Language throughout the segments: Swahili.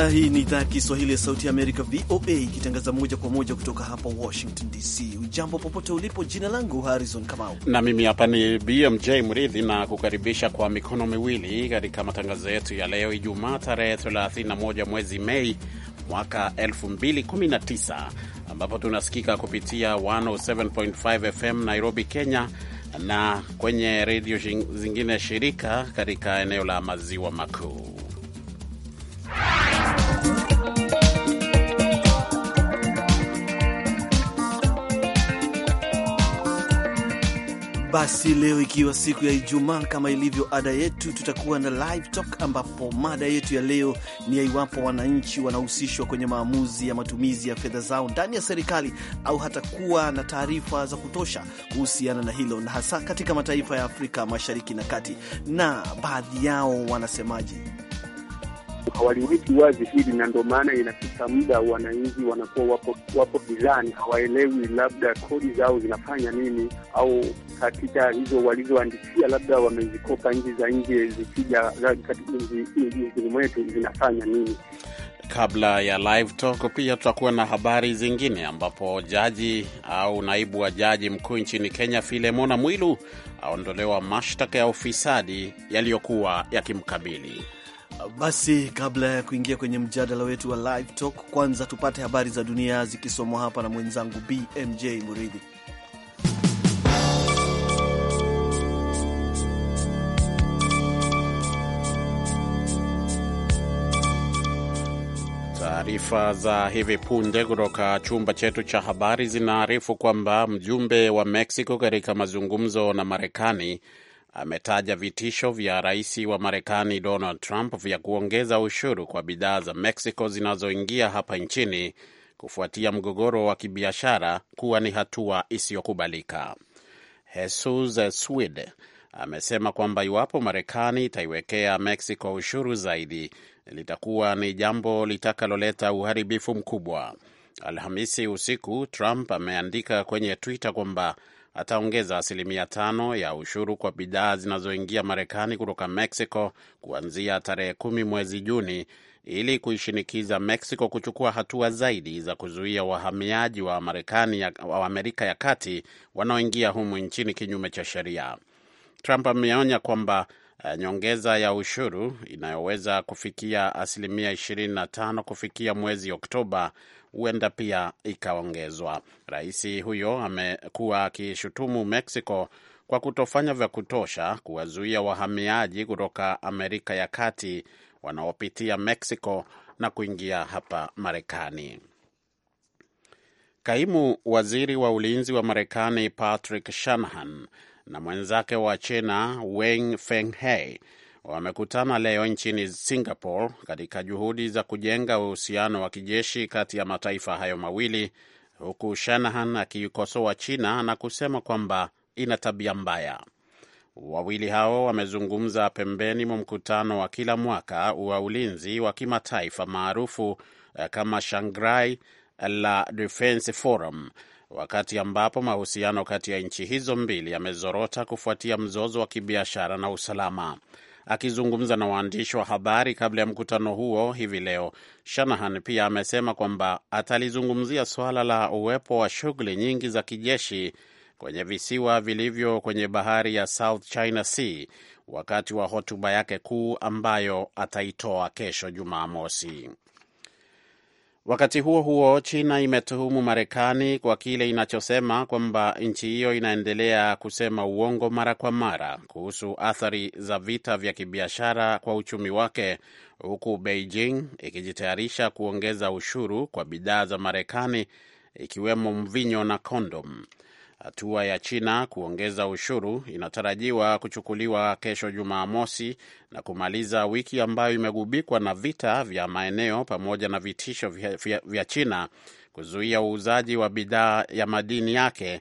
Ah, hii ni idhaa ya Kiswahili ya Sauti ya Amerika, VOA, ikitangaza moja kwa moja kutoka hapa Washington DC. Ujambo popote ulipo, jina langu Harrison Kamau na mimi hapa ni BMJ Mridhi na kukaribisha kwa mikono miwili katika matangazo yetu ya leo, Ijumaa tarehe 31 mwezi Mei mwaka 2019 ambapo tunasikika kupitia 107.5 FM Nairobi, Kenya na kwenye redio zingine shirika katika eneo la maziwa makuu. Basi leo ikiwa siku ya Ijumaa, kama ilivyo ada yetu, tutakuwa na live talk, ambapo mada yetu ya leo ni ya iwapo wananchi wanahusishwa kwenye maamuzi ya matumizi ya fedha zao ndani ya serikali au hata kuwa na taarifa za kutosha kuhusiana na hilo, na hasa katika mataifa ya Afrika Mashariki na Kati, na baadhi yao wanasemaje hawaliweki wazi hili, na ndo maana inafika muda wananchi wanakuwa wapo wapo gizani, hawaelewi labda kodi zao zinafanya nini, au katika hizo walizoandikia labda wamezikopa nchi za nje, zikija nchini mwetu zinafanya nini. Kabla ya live talk pia tutakuwa na habari zingine, ambapo jaji au naibu wa jaji mkuu nchini Kenya Filemona Mwilu aondolewa mashtaka ya ufisadi yaliyokuwa yakimkabili. Basi kabla ya kuingia kwenye mjadala wetu wa live talk, kwanza tupate habari za dunia zikisomwa hapa na mwenzangu BMJ Muridhi. Taarifa za hivi punde kutoka chumba chetu cha habari zinaarifu kwamba mjumbe wa Mexico katika mazungumzo na Marekani ametaja vitisho vya rais wa Marekani Donald Trump vya kuongeza ushuru kwa bidhaa za Mexico zinazoingia hapa nchini kufuatia mgogoro wa kibiashara kuwa ni hatua isiyokubalika. Jesus Swede amesema kwamba iwapo Marekani itaiwekea Mexico ushuru zaidi litakuwa ni jambo litakaloleta uharibifu mkubwa. Alhamisi usiku Trump ameandika kwenye Twitter kwamba ataongeza asilimia tano ya ushuru kwa bidhaa zinazoingia Marekani kutoka Mexico kuanzia tarehe kumi mwezi Juni ili kuishinikiza Mexico kuchukua hatua zaidi za kuzuia wahamiaji wa Marekani wa Amerika ya Kati wanaoingia humu nchini kinyume cha sheria. Trump ameonya kwamba eh, nyongeza ya ushuru inayoweza kufikia asilimia 25 kufikia mwezi Oktoba huenda pia ikaongezwa. Rais huyo amekuwa akishutumu Mexico kwa kutofanya vya kutosha kuwazuia wahamiaji kutoka Amerika ya Kati wanaopitia Mexico na kuingia hapa Marekani. Kaimu waziri wa ulinzi wa Marekani Patrick Shanahan na mwenzake wa China Wang Fenghei wamekutana leo nchini Singapore katika juhudi za kujenga uhusiano wa kijeshi kati ya mataifa hayo mawili, huku Shanahan akiikosoa China na kusema kwamba ina tabia mbaya. Wawili hao wamezungumza pembeni mwa mkutano wa kila mwaka wa ulinzi wa kimataifa maarufu eh, kama shangrai la Defense Forum, wakati ambapo mahusiano kati ya nchi hizo mbili yamezorota kufuatia mzozo wa kibiashara na usalama. Akizungumza na waandishi wa habari kabla ya mkutano huo hivi leo, Shanahan pia amesema kwamba atalizungumzia suala la uwepo wa shughuli nyingi za kijeshi kwenye visiwa vilivyo kwenye bahari ya South China Sea wakati wa hotuba yake kuu ambayo ataitoa kesho Jumamosi. Wakati huo huo, China imetuhumu Marekani kwa kile inachosema kwamba nchi hiyo inaendelea kusema uongo mara kwa mara kuhusu athari za vita vya kibiashara kwa uchumi wake, huku Beijing ikijitayarisha kuongeza ushuru kwa bidhaa za Marekani ikiwemo mvinyo na kondom. Hatua ya China kuongeza ushuru inatarajiwa kuchukuliwa kesho Jumamosi na kumaliza wiki ambayo imegubikwa na vita vya maeneo pamoja na vitisho vya, vya China kuzuia uuzaji wa bidhaa ya madini yake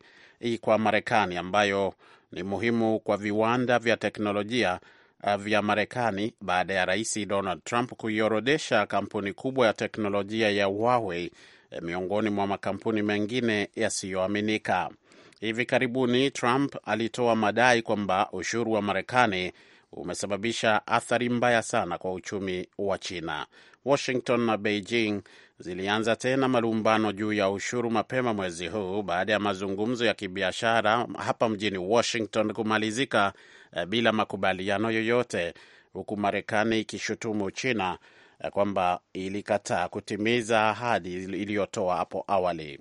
kwa Marekani ambayo ni muhimu kwa viwanda vya teknolojia eh, vya Marekani baada ya Rais Donald Trump kuiorodesha kampuni kubwa ya teknolojia ya Huawei eh, miongoni mwa makampuni mengine yasiyoaminika. Hivi karibuni Trump alitoa madai kwamba ushuru wa Marekani umesababisha athari mbaya sana kwa uchumi wa China. Washington na Beijing zilianza tena malumbano juu ya ushuru mapema mwezi huu baada ya mazungumzo ya kibiashara hapa mjini Washington kumalizika eh, bila makubaliano yoyote, huku Marekani ikishutumu China eh, kwamba ilikataa kutimiza ahadi iliyotoa hapo awali.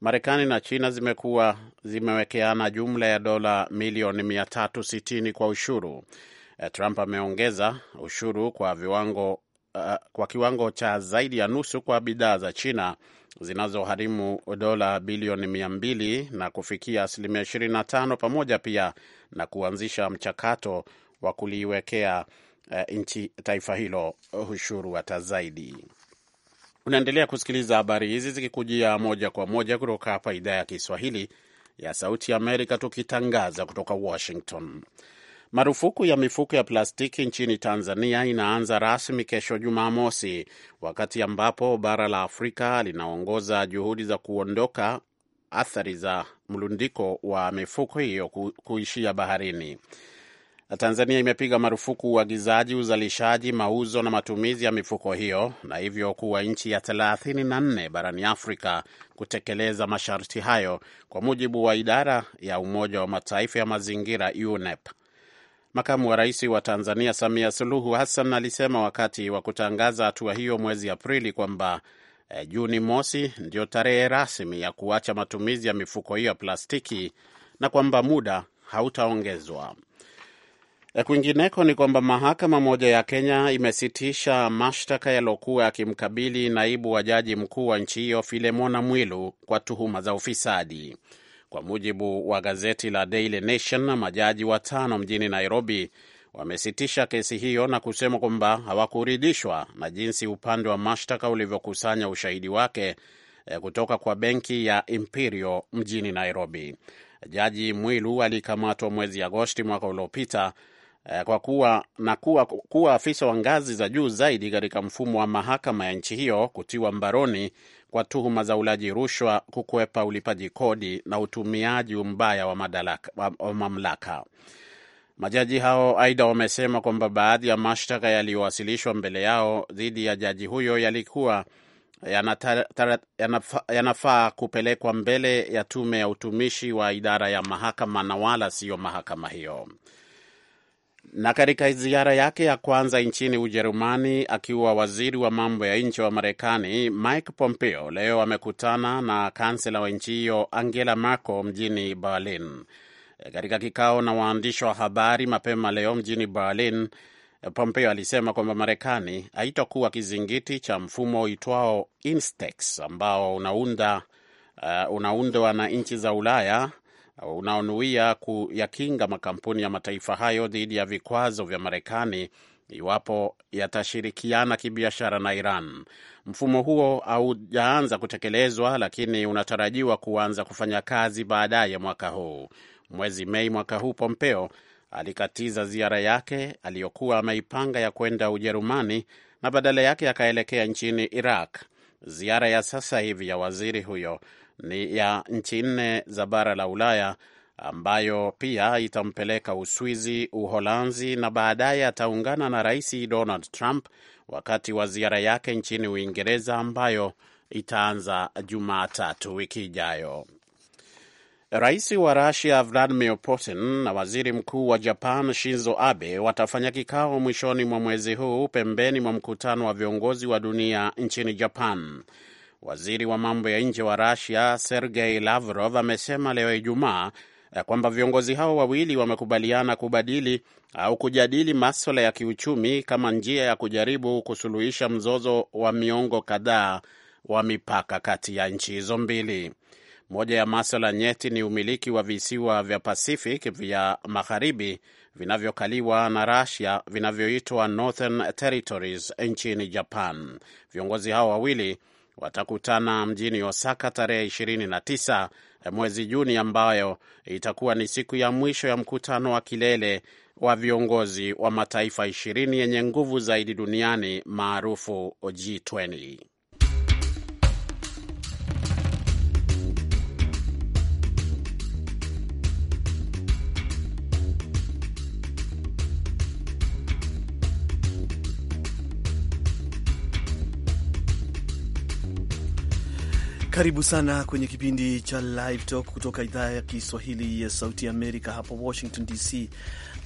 Marekani na China zimekuwa zimewekeana jumla ya dola milioni 360 kwa ushuru. Eh, Trump ameongeza ushuru kwa viwango, uh, kwa kiwango cha zaidi ya nusu kwa bidhaa za China zinazoharimu dola bilioni 200 na kufikia asilimia 25, pamoja pia na kuanzisha mchakato wa kuliwekea uh, nchi taifa hilo ushuru hata zaidi. Unaendelea kusikiliza habari hizi zikikujia moja kwa moja kutoka hapa idhaa ya Kiswahili ya Sauti ya Amerika, tukitangaza kutoka Washington. Marufuku ya mifuko ya plastiki nchini Tanzania inaanza rasmi kesho Jumamosi, wakati ambapo bara la Afrika linaongoza juhudi za kuondoka athari za mlundiko wa mifuko hiyo kuishia baharini. Tanzania imepiga marufuku uagizaji, uzalishaji, mauzo na matumizi ya mifuko hiyo na hivyo kuwa nchi ya 34 barani Afrika kutekeleza masharti hayo kwa mujibu wa idara ya Umoja wa Mataifa ya mazingira UNEP. Makamu wa Rais wa Tanzania Samia Suluhu Hassan alisema wakati wa kutangaza hatua hiyo mwezi Aprili kwamba eh, Juni mosi ndio tarehe rasmi ya kuacha matumizi ya mifuko hiyo ya plastiki na kwamba muda hautaongezwa. Eh, kwingineko ni kwamba mahakama moja ya Kenya imesitisha mashtaka yaliokuwa yakimkabili naibu wa jaji mkuu wa nchi hiyo Filemona Mwilu kwa tuhuma za ufisadi. Kwa mujibu wa gazeti la Daily Nation, majaji watano mjini Nairobi wamesitisha kesi hiyo na kusema kwamba hawakuridhishwa na jinsi upande wa mashtaka ulivyokusanya ushahidi wake eh, kutoka kwa benki ya Imperial mjini Nairobi. Jaji Mwilu alikamatwa mwezi Agosti mwaka uliopita Eh, kwa kuwa na kuwa, kuwa afisa wa ngazi za juu zaidi katika mfumo wa mahakama ya nchi hiyo kutiwa mbaroni kwa tuhuma za ulaji rushwa, kukwepa ulipaji kodi na utumiaji mbaya wa, madalaka, wa, wa mamlaka. Majaji hao aidha wamesema kwamba baadhi ya mashtaka yaliyowasilishwa mbele yao dhidi ya jaji huyo yalikuwa yanafaa yana kupelekwa mbele ya tume ya utumishi wa idara ya mahakama na wala siyo mahakama hiyo. Na katika ziara yake ya kwanza nchini Ujerumani akiwa waziri wa mambo ya nje wa Marekani, Mike Pompeo leo amekutana na kansela wa nchi hiyo Angela Merkel mjini Berlin. Katika kikao na waandishi wa habari mapema leo mjini Berlin, Pompeo alisema kwamba Marekani haitakuwa kizingiti cha mfumo uitwao INSTEX ambao unaundwa uh, unaundwa na nchi za Ulaya unaonuia kuyakinga makampuni ya mataifa hayo dhidi ya vikwazo vya Marekani iwapo yatashirikiana kibiashara na Iran. Mfumo huo haujaanza kutekelezwa, lakini unatarajiwa kuanza kufanya kazi baadaye mwaka huu. Mwezi Mei mwaka huu, Pompeo alikatiza ziara yake aliyokuwa ameipanga ya kwenda Ujerumani na badala yake akaelekea nchini Iraq. Ziara ya sasa hivi ya waziri huyo ni ya nchi nne za bara la Ulaya ambayo pia itampeleka Uswizi, Uholanzi na baadaye ataungana na Rais Donald Trump wakati wa ziara yake nchini Uingereza ambayo itaanza Jumatatu wiki ijayo. Rais wa Rusia Vladimir Putin na waziri mkuu wa Japan Shinzo Abe watafanya kikao mwishoni mwa mwezi huu pembeni mwa mkutano wa viongozi wa dunia nchini Japan. Waziri wa mambo ya nje wa Rusia Sergei Lavrov amesema leo Ijumaa eh, kwamba viongozi hao wawili wamekubaliana kubadili au kujadili maswala ya kiuchumi kama njia ya kujaribu kusuluhisha mzozo wa miongo kadhaa wa mipaka kati ya nchi hizo mbili. Moja ya maswala nyeti ni umiliki wa visiwa vya Pacific vya magharibi vinavyokaliwa na Russia vinavyoitwa Northern Territories nchini Japan. Viongozi hao wawili watakutana mjini Osaka tarehe 29 mwezi Juni, ambayo itakuwa ni siku ya mwisho ya mkutano wa kilele wa viongozi wa mataifa ishirini yenye nguvu zaidi duniani maarufu G20. Karibu sana kwenye kipindi cha Live Talk kutoka idhaa ya Kiswahili ya Sauti ya Amerika hapa Washington DC,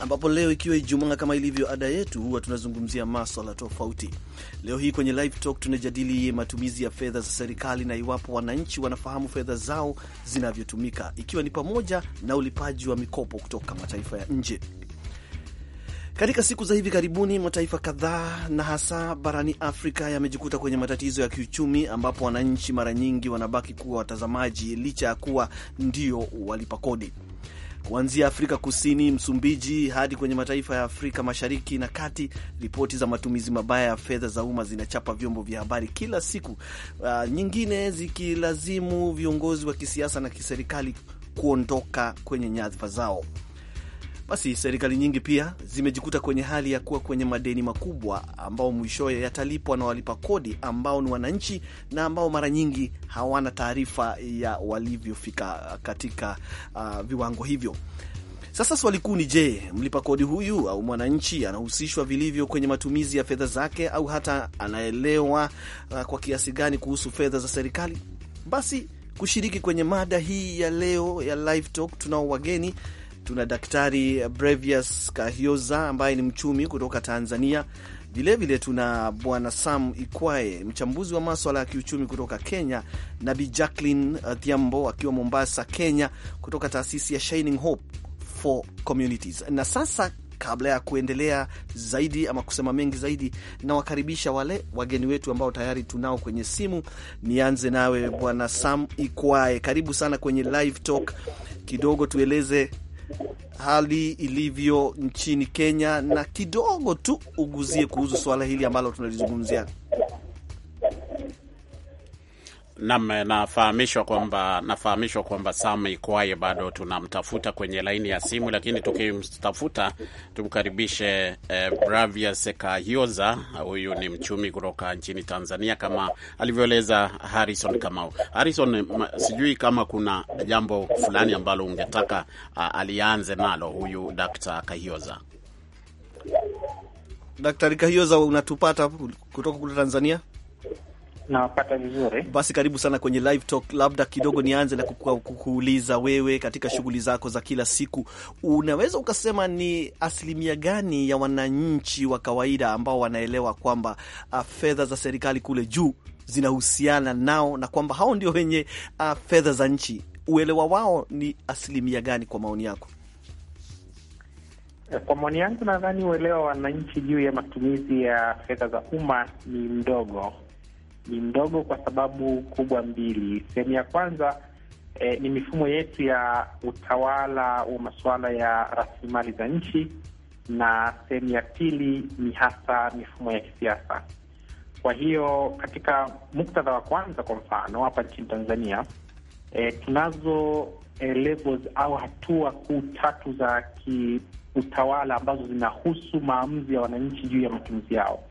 ambapo leo ikiwa Ijumaa, kama ilivyo ada yetu, huwa tunazungumzia maswala tofauti. Leo hii kwenye Live Talk tunajadili matumizi ya fedha za serikali na iwapo wananchi wanafahamu fedha zao zinavyotumika, ikiwa ni pamoja na ulipaji wa mikopo kutoka mataifa ya nje. Katika siku za hivi karibuni mataifa kadhaa na hasa barani Afrika yamejikuta kwenye matatizo ya kiuchumi, ambapo wananchi mara nyingi wanabaki kuwa watazamaji licha ya kuwa ndio walipa kodi. Kuanzia Afrika Kusini, Msumbiji hadi kwenye mataifa ya Afrika Mashariki na Kati, ripoti za matumizi mabaya ya fedha za umma zinachapa vyombo vya habari kila siku, uh, nyingine zikilazimu viongozi wa kisiasa na kiserikali kuondoka kwenye nyadhifa zao. Basi serikali nyingi pia zimejikuta kwenye hali ya kuwa kwenye madeni makubwa ambao mwishowe yatalipwa na walipa kodi ambao ni wananchi na ambao mara nyingi hawana taarifa ya walivyofika katika uh, viwango hivyo. Sasa swali kuu ni je, mlipa kodi huyu au mwananchi anahusishwa vilivyo kwenye matumizi ya fedha zake au hata anaelewa uh, kwa kiasi gani kuhusu fedha za serikali? Basi kushiriki kwenye mada hii ya leo ya Live Talk tunao wageni Tuna Daktari Brevius Kahioza ambaye ni mchumi kutoka Tanzania. Vilevile tuna Bwana Sam Ikwae, mchambuzi wa maswala ya kiuchumi kutoka Kenya, na Bi Jacqueline uh, Thiambo akiwa Mombasa, Kenya, kutoka taasisi ya Shining Hope for Communities. Na sasa kabla ya kuendelea zaidi ama kusema mengi zaidi, nawakaribisha wale wageni wetu ambao tayari tunao kwenye simu. Nianze nawe Bwana Sam Ikwae, karibu sana kwenye Live Talk. Kidogo tueleze hali ilivyo nchini Kenya, na kidogo tu uguzie kuhusu suala hili ambalo tunalizungumzia. Nam, nafahamishwa kwamba nafahamishwa kwamba Sam Ikwaye bado tunamtafuta kwenye laini ya simu, lakini tukimtafuta tumkaribishe eh, Bravia Sekahioza. Huyu ni mchumi kutoka nchini Tanzania, kama alivyoeleza Harrison Kamau. Harrison, sijui kama kuna jambo fulani ambalo ungetaka uh, alianze nalo huyu Dr. Kahioza. Daktari Kahioza, unatupata kutoka kule Tanzania? Nawapata vizuri. Basi karibu sana kwenye Live Talk. Labda kidogo nianze na kukuuliza wewe, katika shughuli zako za kila siku, unaweza ukasema ni asilimia gani ya wananchi wa kawaida ambao wanaelewa kwamba uh, fedha za serikali kule juu zinahusiana nao na kwamba hao ndio wenye uh, fedha za nchi? Uelewa wao ni asilimia gani kwa maoni yako? Eh, kwa maoni yangu, nadhani uelewa wa wananchi juu ya matumizi ya fedha za umma ni mdogo ni mdogo kwa sababu kubwa mbili. Sehemu ya kwanza eh, ni mifumo yetu ya utawala wa masuala ya rasilimali za nchi, na sehemu ya pili ni hasa mifumo ya kisiasa. Kwa hiyo katika muktadha wa kwanza, kwa mfano hapa nchini Tanzania eh, tunazo eh, levels au hatua kuu tatu za kiutawala ambazo zinahusu maamuzi ya wananchi juu ya matumizi yao.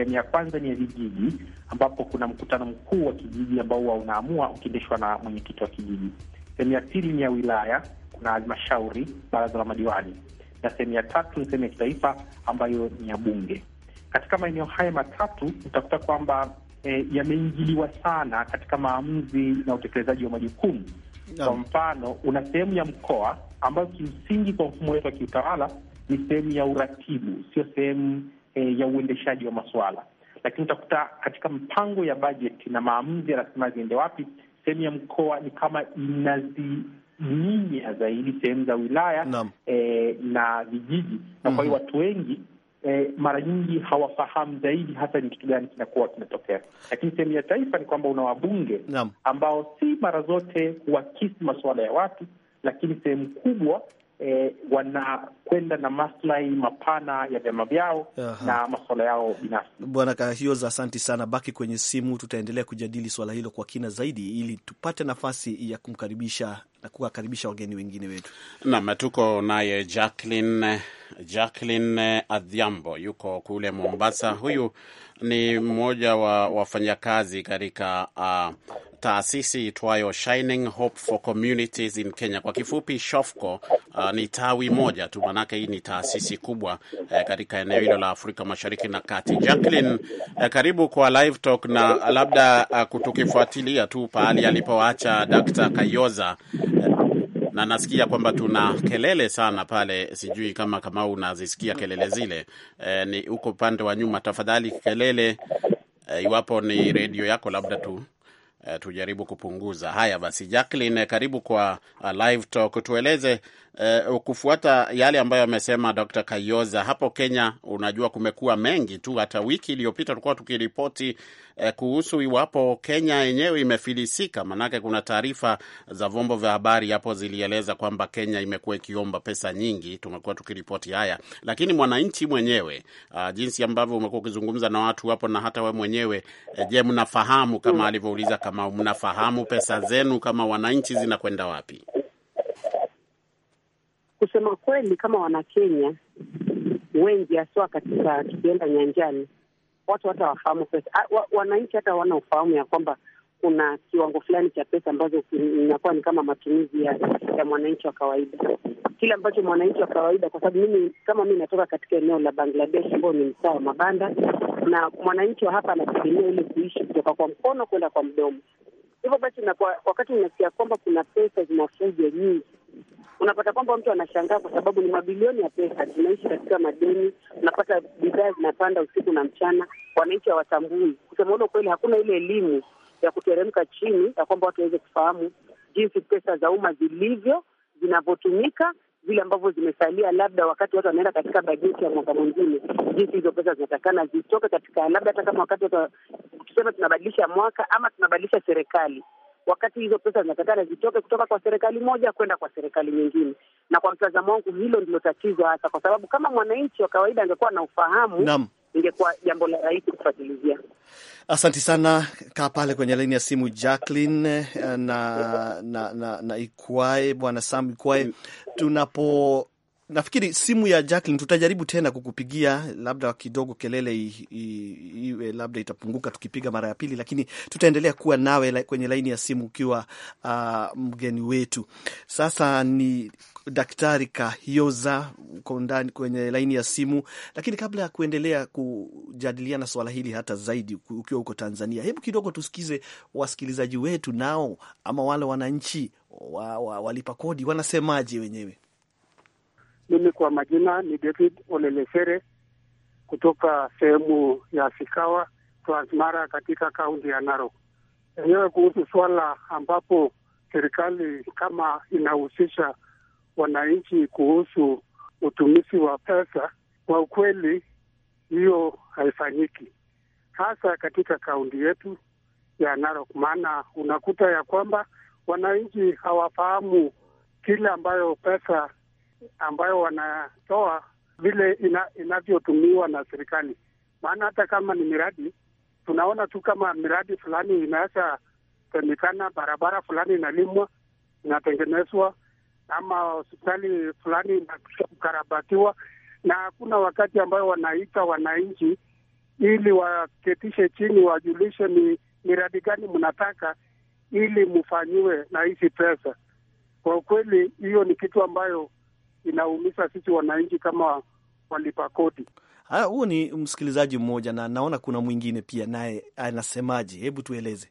Sehemu ya kwanza ni ya vijiji, ambapo kuna mkutano mkuu wa kijiji ambao huwa unaamua ukiendeshwa na mwenyekiti wa kijiji. Sehemu ya pili ni ya wilaya, kuna halmashauri, baraza la madiwani, na sehemu ya tatu ni sehemu ya kitaifa ambayo ni ya bunge. Katika maeneo haya matatu utakuta kwamba e, yameingiliwa sana katika maamuzi na utekelezaji wa majukumu. Kwa mfano, una sehemu ya mkoa ambayo kimsingi kwa mfumo wetu wa kiutawala ni sehemu ya uratibu, sio sehemu e, ya uendeshaji wa masuala, lakini utakuta katika mpango ya bajeti na maamuzi ya rasilimali ziende wapi, sehemu ya mkoa ni kama inaziminya zaidi sehemu za wilaya na, e, eh, na vijiji na kwa hiyo mhm. watu wengi E, mara nyingi hawafahamu zaidi hata ni kitu gani kinakuwa kinatokea, lakini sehemu ya taifa ni kwamba una wabunge ambao si mara zote huakisi masuala ya watu, lakini sehemu kubwa eh, wanakwenda na maslahi mapana ya vyama vyao na masuala yao binafsi. Bwana Kahioza, asanti sana, baki kwenye simu, tutaendelea kujadili swala hilo kwa kina zaidi ili tupate nafasi ya kumkaribisha na kuwakaribisha wageni wengine wetu. nam tuko naye Jacqueline, Jacqueline Adhiambo yuko kule Mombasa. Huyu ni mmoja wa wafanyakazi katika uh, taasisi itwayo Shining Hope for Communities in Kenya, kwa kifupi SHOFCO. Uh, ni tawi moja tu, maanake hii ni taasisi kubwa eh, katika eneo hilo la Afrika Mashariki na Kati. Jacqueline, eh, karibu kwa Live Talk na labda uh, kutukifuatilia tu pahali alipoacha Dr. Kayoza eh, na nasikia kwamba tuna kelele sana pale, sijui kama kama unazisikia kelele zile. E, ni huko upande wa nyuma, tafadhali kelele e, iwapo ni redio yako labda tu e, tujaribu kupunguza. Haya basi, Jacqueline, karibu kwa Live Talk, tueleze eh, kufuata yale ambayo amesema Dr. Kayoza hapo Kenya, unajua kumekuwa mengi tu. Hata wiki iliyopita tulikuwa tukiripoti eh, kuhusu iwapo Kenya yenyewe imefilisika, maanake kuna taarifa za vyombo vya habari hapo zilieleza kwamba Kenya imekuwa ikiomba pesa nyingi. Tumekuwa tukiripoti haya, lakini mwananchi mwenyewe, uh, jinsi ambavyo umekuwa ukizungumza na watu hapo na hata we mwenyewe eh, je, mnafahamu kama alivyouliza, kama mnafahamu pesa zenu kama wananchi zinakwenda wapi? Kusema kweli, kama Wanakenya wengi haswa katika tukienda nyanjani, watu hata wafahamu pesa, wananchi hata hawana ufahamu ya kwamba kuna kiwango fulani cha pesa ambazo inakuwa ni kama matumizi ya, ya mwananchi wa kawaida, kile ambacho mwananchi wa kawaida, kwa sababu mimi kama mi natoka katika eneo la Bangladesh ambayo ni mtaa wa mabanda, na mwananchi wa hapa anategemea ile kuishi kutoka kwa mkono kwenda kwa mdomo. Hivyo basi na kwa, wakati unasikia kwamba kuna pesa zinafuja nyingi, unapata kwamba mtu anashangaa kwa sababu ni mabilioni ya pesa. Tunaishi katika madeni, unapata bidhaa zinapanda usiku na mchana, wananchi hawatambui. Kusema ule ukweli, hakuna ile elimu ya kuteremka chini ya kwamba watu waweze kufahamu jinsi pesa za umma zilivyo, zinavyotumika vile ambavyo zimesalia, labda wakati watu wanaenda katika bajeti ya mwaka mwingine, jinsi hizo pesa zinatakana zitoke katika, labda hata kama wakati watu tukisema tunabadilisha mwaka ama tunabadilisha serikali, wakati hizo pesa zinatakana zitoke kutoka kwa serikali moja kwenda kwa serikali nyingine. Na kwa mtazamo wangu, hilo ndilo tatizo hasa, kwa sababu kama mwananchi wa kawaida angekuwa na ufahamu Nam Ingekuwa jambo la rahisi kufuatilizia. asanti sana, kaa pale kwenye laini ya simu Jacqueline eh, na na na, na Ikwae, bwana Sam Ikwae. Mm. Tunapo nafikiri simu ya Jacqueline tutajaribu tena kukupigia, labda kidogo kelele iwe labda itapunguka tukipiga mara ya pili, lakini tutaendelea kuwa nawe la, kwenye laini ya simu ukiwa uh, mgeni wetu. Sasa ni Daktari Kahioza, uko ndani kwenye laini ya simu, lakini kabla ya kuendelea kujadiliana swala hili hata zaidi, ukiwa huko Tanzania, hebu kidogo tusikize wasikilizaji wetu nao, ama wale wananchi wa, wa, walipa kodi wanasemaje wenyewe. Mimi kwa majina ni David Olelesere kutoka sehemu ya Sikawa Transmara katika kaunti ya Narok. Enyewe kuhusu swala ambapo serikali kama inahusisha wananchi kuhusu utumizi wa pesa, kwa ukweli hiyo haifanyiki, hasa katika kaunti yetu ya Narok, maana unakuta ya kwamba wananchi hawafahamu kile ambayo pesa ambayo wanatoa vile ina, inavyotumiwa na serikali. Maana hata kama ni miradi tunaona tu kama miradi fulani inaweza semekana, barabara fulani inalimwa inatengenezwa, ama hospitali fulani inakarabatiwa, na hakuna wakati ambayo wanaita wananchi ili waketishe chini wajulishe ni miradi gani mnataka ili mfanyiwe na hizi pesa. Kwa ukweli, hiyo ni kitu ambayo inaumiza sisi wananchi kama walipa kodi. Huu ni msikilizaji mmoja, na naona kuna mwingine pia naye anasemaje? Hebu tueleze.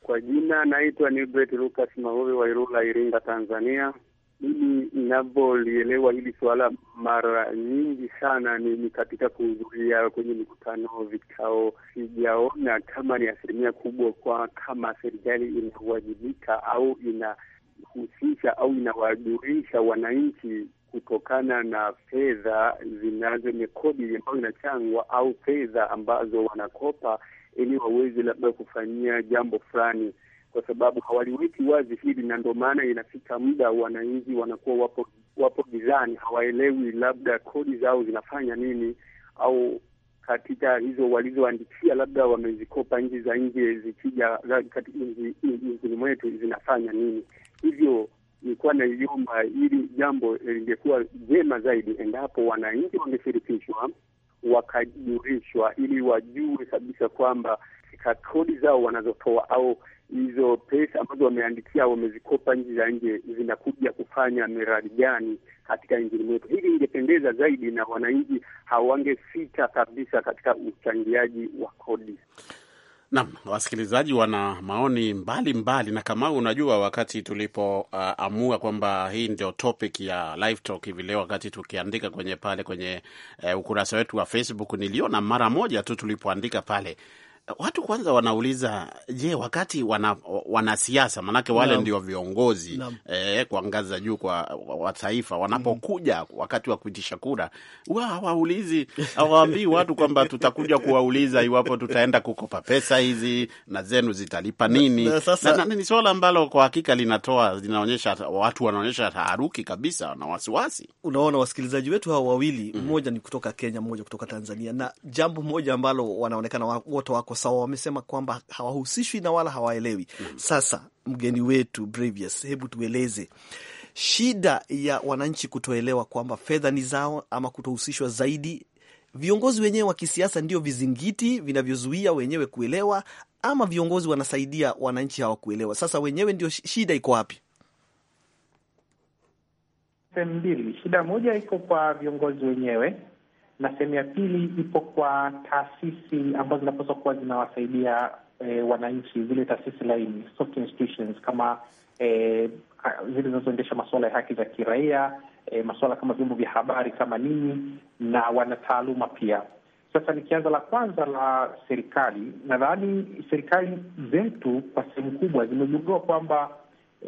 Kwa jina Anaitwa Nibet Lukas Magovi wa Irula, Iringa, Tanzania. Mimi inavyolielewa hili suala, mara nyingi sana ni katika kuhudhuria kwenye mikutano, vikao, sijaona kama ni asilimia kubwa kwa kama serikali inawajibika au inahusisha au inawajulisha wananchi kutokana na fedha zinazo mikodi ambayo inachangwa au fedha ambazo wanakopa ili waweze labda kufanyia jambo fulani, kwa sababu hawaliweki wazi hili, na ndio maana inafika muda wananchi wanakuwa wapo wapo gizani, hawaelewi labda kodi zao zinafanya nini au katika hizo walizoandikia labda wamezikopa nchi za nje, zikija nchini mwetu zinafanya nini. Hivyo nilikuwa naiomba ili jambo lingekuwa jema zaidi endapo wananchi wangeshirikishwa wakajurishwa ili wajue kabisa kwamba katika kodi zao wanazotoa au hizo pesa ambazo wameandikia wamezikopa nchi za nje zinakuja kufanya miradi gani katika nchini mwetu. Hili ingependeza zaidi na wananchi hawangesita kabisa katika uchangiaji wa kodi. Naam, wasikilizaji wana maoni mbalimbali mbali. Na kama unajua, wakati tulipoamua uh, kwamba hii ndio topic ya live talk hivi leo, wakati tukiandika kwenye pale kwenye uh, ukurasa wetu wa Facebook, niliona mara moja tu tulipoandika pale watu kwanza wanauliza, je, wakati wana, wanasiasa maanake wale ndio viongozi eh, kwa ngazi za juu kwa wa taifa wanapokuja mm. wakati wa kuitisha kura huwa hawaulizi hawaambii watu kwamba tutakuja kuwauliza iwapo tutaenda kukopa pesa hizi na zenu zitalipa nini na, na, sasa... na, ni swala ambalo kwa hakika linatoa linaonyesha watu wanaonyesha taharuki kabisa na wasiwasi. Unaona, wasikilizaji wetu hawa wawili mm. mmoja ni kutoka Kenya, mmoja kutoka Tanzania, na jambo moja ambalo wanaonekana wote wako sasa wamesema kwamba hawahusishwi na wala hawaelewi. mm -hmm. Sasa mgeni wetu Brevius, hebu tueleze shida ya wananchi kutoelewa kwamba fedha ni zao ama kutohusishwa zaidi viongozi wenyewe wa kisiasa ndio vizingiti vinavyozuia wenyewe kuelewa, ama viongozi wanasaidia wananchi hawakuelewa? Sasa wenyewe ndio shida iko wapi? Sehemu mbili, shida moja iko kwa viongozi wenyewe na sehemu ya pili ipo kwa taasisi ambazo zinapaswa kuwa zinawasaidia e, wananchi, zile taasisi laini soft institutions, kama e, zile zinazoendesha masuala ya haki za kiraia e, masuala kama vyombo vya habari kama nini na wanataaluma pia. Sasa nikianza la kwanza la serikali, nadhani serikali zetu kwa sehemu kubwa zimegundua kwamba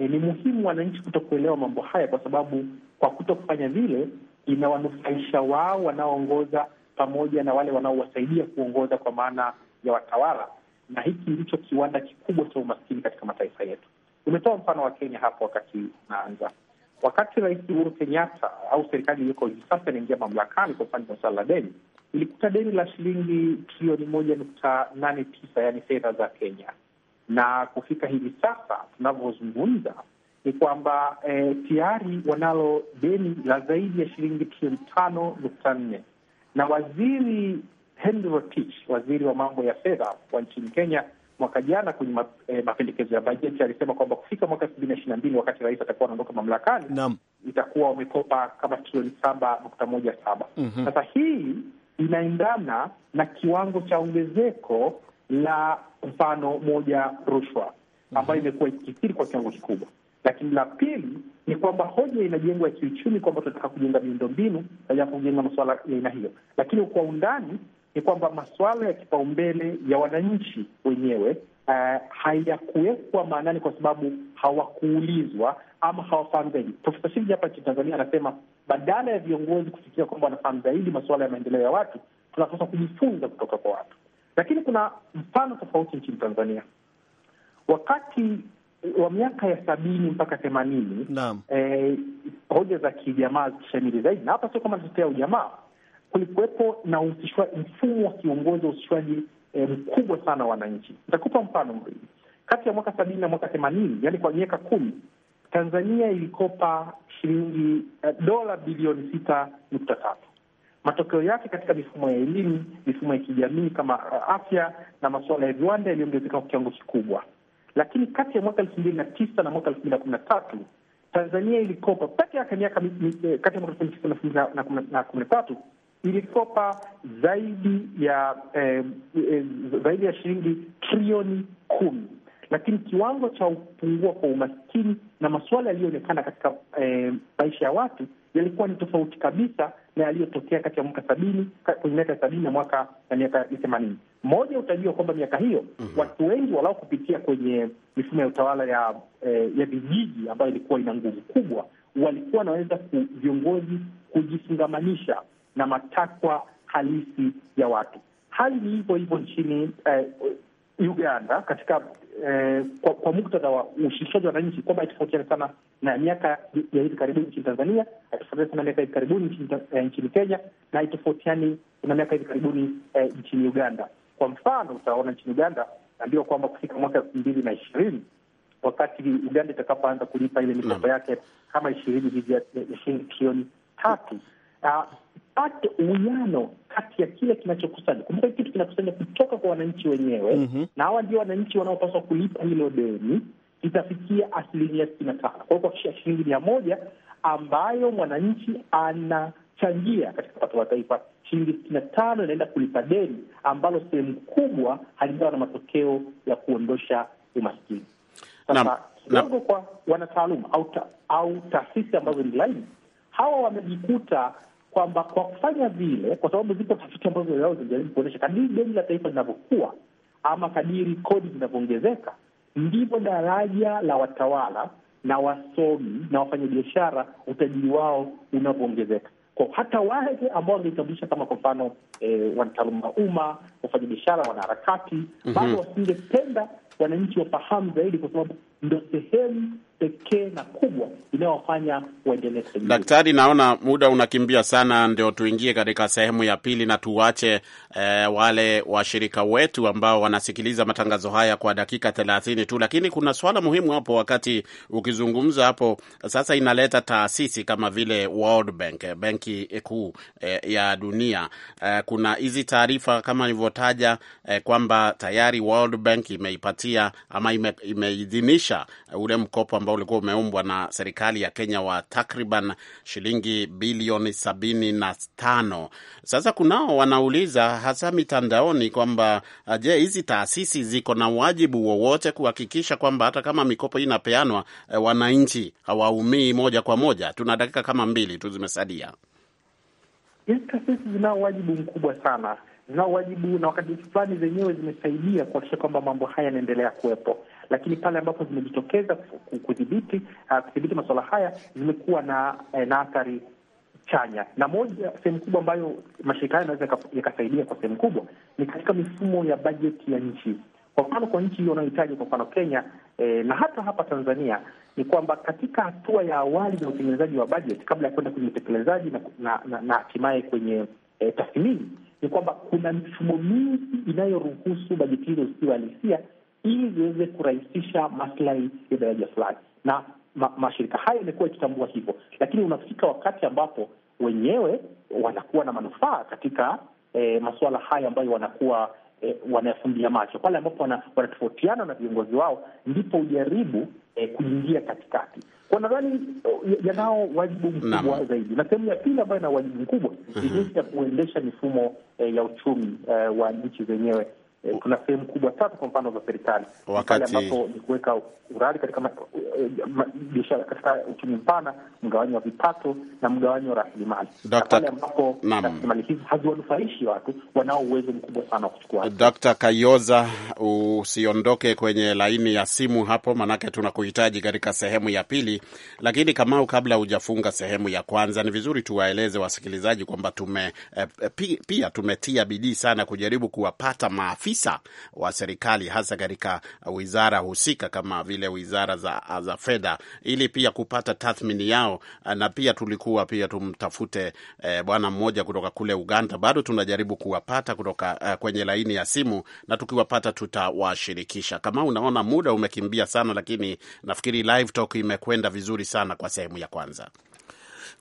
e, ni muhimu wananchi kutokuelewa mambo haya, kwa sababu kwa kutokufanya vile inawanufaisha wao wanaoongoza pamoja na wale wanaowasaidia kuongoza, kwa maana ya watawala, na hiki ndicho kiwanda kikubwa cha umaskini katika mataifa yetu. Umetoa mfano wa Kenya hapo wakati unaanza, wakati Rais Uhuru Kenyatta au serikali iliyoko hivi sasa inaingia mamlakani, kwa upande wa swala la deni, ilikuta deni la shilingi trilioni moja nukta nane tisa yaani fedha za Kenya, na kufika hivi sasa tunavyozungumza ni kwamba eh, tayari wanalo deni la zaidi ya shilingi trilioni tano nukta nne na waziri Henry Rotich, waziri wa mambo ya fedha wa nchini Kenya, mwaka jana kwenye eh, mapendekezo ya bajeti alisema kwamba kufika mwaka elfu mbili na ishirini na mbili wakati rais atakuwa anaondoka mamlakani itakuwa wamekopa kama trilioni saba nukta moja saba mm-hmm. Sasa hii inaendana na kiwango cha ongezeko la mfano moja rushwa ambayo mhm. imekuwa ikikithiri kwa kiwango kikubwa. Lakini la pili ni kwamba hoja inajengwa ya kiuchumi kwamba tunataka kujenga miundo mbinu, kujenga masuala ya aina hiyo, lakini kwa undani ni kwamba masuala ya kipaumbele ya wananchi wenyewe uh, hayakuwekwa maanani kwa sababu hawakuulizwa ama hawafahamu zaidi. Profesa Shivji hapa nchini Tanzania anasema badala ya viongozi kufikiria kwamba wanafahamu zaidi masuala ya maendeleo ya watu, tunapaswa kujifunza kutoka kwa watu. Lakini kuna mfano tofauti nchini Tanzania wakati wa miaka ya sabini mpaka themanini eh, hoja za kijamaa zikishamiri zaidi, na hapa sio kama natetea ujamaa, kulikuwepo na uhusishwa mfumo wa kiongozi wa uhusishwaji eh, mkubwa sana wananchi. Nitakupa mfano mrii, kati ya mwaka sabini na mwaka themanini, yani kwa miaka kumi, Tanzania ilikopa shilingi eh, dola bilioni sita nukta tatu matokeo yake katika mifumo ya elimu, mifumo ya kijamii kama eh, afya na masuala ya viwanda yaliyoongezeka kwa kiwango kikubwa. Lakini kati ya mwaka elfu mbili na tisa na mwaka elfu mbili na kumi na tatu Tanzania ilikopa peke yake miaka eh, kati ya mwaka elfu mbili na tisa na kumi na tatu ilikopa zaidi ya eh, eh, zaidi ya shilingi trilioni kumi lakini kiwango cha upungua kwa umaskini na masuala yaliyoonekana katika eh, maisha ya watu yalikuwa ni tofauti kabisa na yaliyotokea kati ya mwaka sabini kwenye miaka ya sabini na mwaka na miaka ya themanini moja, utajua kwamba miaka hiyo mm -hmm. watu wengi walao kupitia kwenye mifumo ya utawala ya eh, ya vijiji ambayo ilikuwa ina nguvu kubwa, walikuwa wanaweza viongozi kujifungamanisha na matakwa halisi ya watu. Hali ni hivyo hivyo nchini eh, Uganda katika eh, kwa, kwa muktadha wa ushirikishaji wa wananchi kwamba haitofautiani sana na miaka ya hivi karibuni nchini Tanzania, haitofautiani sana miaka hivi karibuni eh, nchini Kenya, na haitofautiani na miaka hivi karibuni eh, nchini Uganda. Kwa mfano utaona nchini Uganda naambiwa kwamba kufika mwaka elfu mbili na ishirini wakati Uganda itakapoanza kulipa ile mikopo yake kama ishirini hivi ya shilingi trilioni tatu ah, pate uwiano kati ya kile kinachokusanya. Kumbuka kitu kinakusanya kutoka kwa wananchi wenyewe mm -hmm. na hawa ndio wananchi wanaopaswa kulipa hilo deni, itafikia asilimia sitini na tano. Kwa hiyo kwa shilingi mia moja ambayo mwananchi ana kuchangia katika pato la taifa, shilingi sitini na tano inaenda kulipa deni ambalo sehemu kubwa halijawa na matokeo ya kuondosha umaskini. Sasa kidogo kwa wanataaluma au, ta, au taasisi ambazo ni laini, hawa wamejikuta kwamba kwa kufanya vile, kwa sababu zipo tafiti ambazo zao zinajaribu kuonyesha kadiri deni la taifa linavyokuwa ama kadiri kodi zinavyoongezeka ndivyo daraja la watawala na wasomi na wafanyabiashara utajiri wao unavyoongezeka kwa hata wale ambao wametambulisha kama kwa mfano e, wanataaluma umma, wafanyabiashara, wanaharakati mm -hmm. bado wasingependa wananchi wafahamu zaidi, kwa sababu ndo sehemu pekee na kubwa inayowafanya waendelee. Daktari, naona muda unakimbia sana, ndio tuingie katika sehemu ya pili na tuache e, wale washirika wetu ambao wanasikiliza matangazo haya kwa dakika thelathini tu, lakini kuna swala muhimu hapo. Wakati ukizungumza hapo sasa, inaleta taasisi kama vile World Bank, eh, benki kuu e, ya dunia e, kuna hizi taarifa kama nilivyotaja e, kwamba tayari World Bank imeipatia ama ime, imeidhinisha ule mkopo ambao ulikuwa umeumbwa na serikali ya Kenya wa takriban shilingi bilioni sabini na tano. Sasa kunao wanauliza hasa mitandaoni kwamba uh, je, hizi taasisi ziko na wajibu wowote kuhakikisha kwamba hata kama mikopo hii inapeanwa, e, wananchi hawaumii moja kwa moja? Tuna dakika kama mbili tu zimesadia. Hizi taasisi zinao wajibu mkubwa sana, zinao wajibu na wakati fulani zenyewe zimesaidia kuhakikisha kwamba mambo haya yanaendelea kuwepo lakini pale ambapo zimejitokeza kudhibiti uh, kudhibiti masuala haya zimekuwa na eh, na athari chanya. Na moja sehemu kubwa ambayo mashirika hayo yanaweza yakasaidia kwa sehemu kubwa ni katika mifumo ya bajeti ya nchi. Kwa mfano kwa nchi hiyo unayohitaji, kwa mfano Kenya eh, na hata hapa Tanzania, ni kwamba katika hatua ya awali za utengenezaji wa bajeti kabla ya kwenda kwenye utekelezaji na hatimaye kwenye eh, tathmini, ni kwamba kuna mifumo mingi inayoruhusu bajeti hizo zisiwe halisia ili ziweze kurahisisha maslahi ya daraja fulani na ma, mashirika imekuwa yamekuwa yakitambua hivyo, lakini unafika wakati ambapo wenyewe wanakuwa na manufaa katika e, masuala haya ambayo wanakuwa e, eh, wanayafumbia macho. Pale ambapo wanatofautiana na viongozi wao, ndipo ujaribu e, eh, kuingia katikati kwa nadhani yanao wajibu mkubwa na zaidi, na sehemu ya pili ambayo ina wajibu mkubwa ni mhm. jinsi ya kuendesha mifumo e, ya uchumi e, wa nchi zenyewe E, kuna sehemu kubwa tatu kwa mfano za serikali wakati ambapo ni kuweka urari katika eh, biashara katika uchumi mpana, mgawanyo wa vipato na mgawanyo wa rasilimali, pale ambapo rasilimali hizi haziwanufaishi watu wanao uwezo mkubwa sana wa kuchukua. Dr. Kayoza, usiondoke kwenye laini ya simu hapo, manake tunakuhitaji katika sehemu ya pili. Lakini Kamau, kabla hujafunga sehemu ya kwanza, ni vizuri tuwaeleze wasikilizaji kwamba tume eh, pia tumetia bidii sana kujaribu kuwapata maafi maafisa wa serikali hasa katika wizara husika kama vile wizara za, za fedha ili pia kupata tathmini yao, na pia tulikuwa pia tumtafute eh, bwana mmoja kutoka kule Uganda. Bado tunajaribu kuwapata kutoka eh, kwenye laini ya simu, na tukiwapata tutawashirikisha. Kama unaona muda umekimbia sana, lakini nafikiri live talk imekwenda vizuri sana kwa sehemu ya kwanza.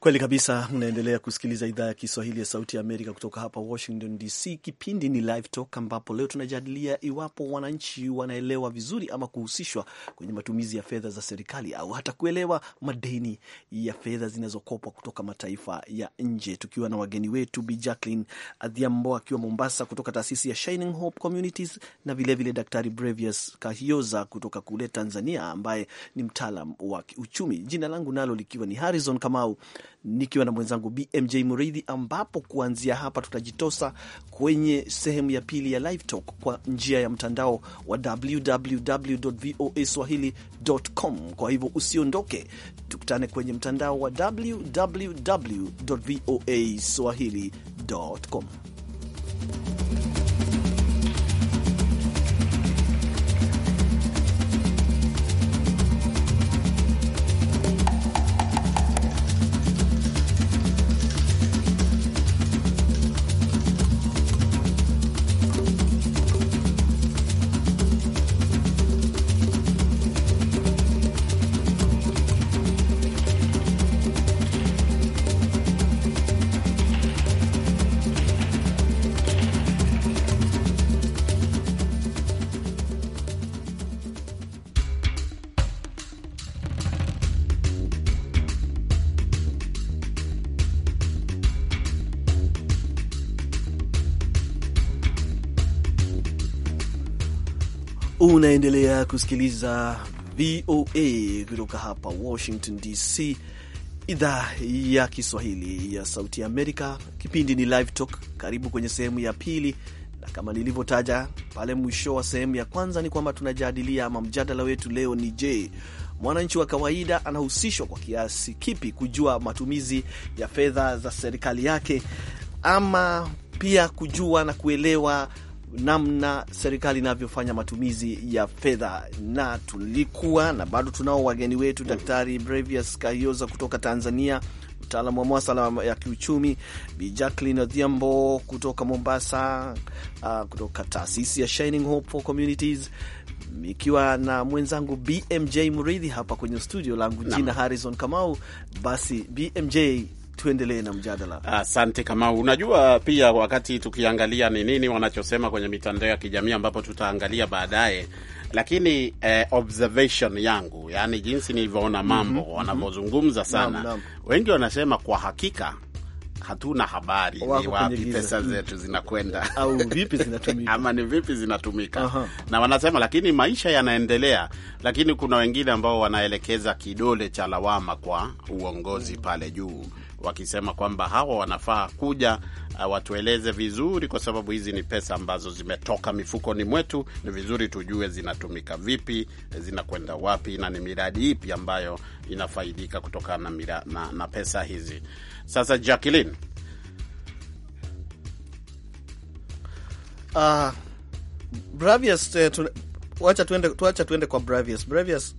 Kweli kabisa, unaendelea kusikiliza idhaa ya Kiswahili ya Sauti ya Amerika kutoka hapa Washington DC. Kipindi ni Live Talk, ambapo leo tunajadilia iwapo wananchi wanaelewa vizuri ama kuhusishwa kwenye matumizi ya fedha za serikali au hata kuelewa madeni ya fedha zinazokopwa kutoka mataifa ya nje, tukiwa na wageni wetu Bi Jacqueline Adhiambo akiwa Mombasa kutoka taasisi ya Shining Hope Communities na vilevile Daktari Brevius Kahioza kutoka kule Tanzania, ambaye ni mtaalam wa uchumi. Jina langu nalo likiwa ni Harrison Kamau nikiwa na mwenzangu BMJ Muridhi, ambapo kuanzia hapa tutajitosa kwenye sehemu ya pili ya Live Talk kwa njia ya mtandao wa www voa swahili.com. Kwa hivyo usiondoke, tukutane kwenye mtandao wa www voa swahili.com. Unaendelea kusikiliza VOA kutoka hapa Washington DC, idhaa ya Kiswahili ya Sauti ya Amerika. Kipindi ni Live Talk. Karibu kwenye sehemu ya pili, na kama nilivyotaja pale mwisho wa sehemu ya kwanza ni kwamba tunajadilia ama mjadala wetu leo ni je, mwananchi wa kawaida anahusishwa kwa kiasi kipi kujua matumizi ya fedha za serikali yake, ama pia kujua na kuelewa namna serikali inavyofanya matumizi ya fedha, na tulikuwa na bado tunao wageni wetu Daktari Brevius Kayoza kutoka Tanzania, mtaalamu wa mwasala ya kiuchumi, Bi Jacqueline Odhiambo kutoka Mombasa, uh, kutoka taasisi ya Shining Hope for Communities, ikiwa na mwenzangu BMJ Mridhi hapa kwenye studio langu, jina Harrison Kamau. Basi BMJ tuendelee na mjadala. Asante kama Unajua pia wakati tukiangalia ni nini wanachosema kwenye mitandao ya kijamii ambapo tutaangalia baadaye, lakini eh, observation yangu, yani, jinsi nilivyoona mambo mm -hmm, wanavyozungumza sana mm -hmm. Wengi wanasema kwa hakika hatuna habari ni wapi pesa mm. zetu zinakwenda au vipi zinatumika, ama ni vipi zinatumika. -huh. Na wanasema lakini maisha yanaendelea, lakini kuna wengine ambao wanaelekeza kidole cha lawama kwa uongozi mm. pale juu wakisema kwamba hawa wanafaa kuja uh, watueleze vizuri, kwa sababu hizi ni pesa ambazo zimetoka mifukoni mwetu. Ni vizuri tujue zinatumika vipi, zinakwenda wapi, na ni miradi ipi ambayo inafaidika kutokana na, na, na pesa hizi. Sasa Jacqueline, uh, uh, tu, wacha tuende, tuacha tuende kwa Bravious. Bravious,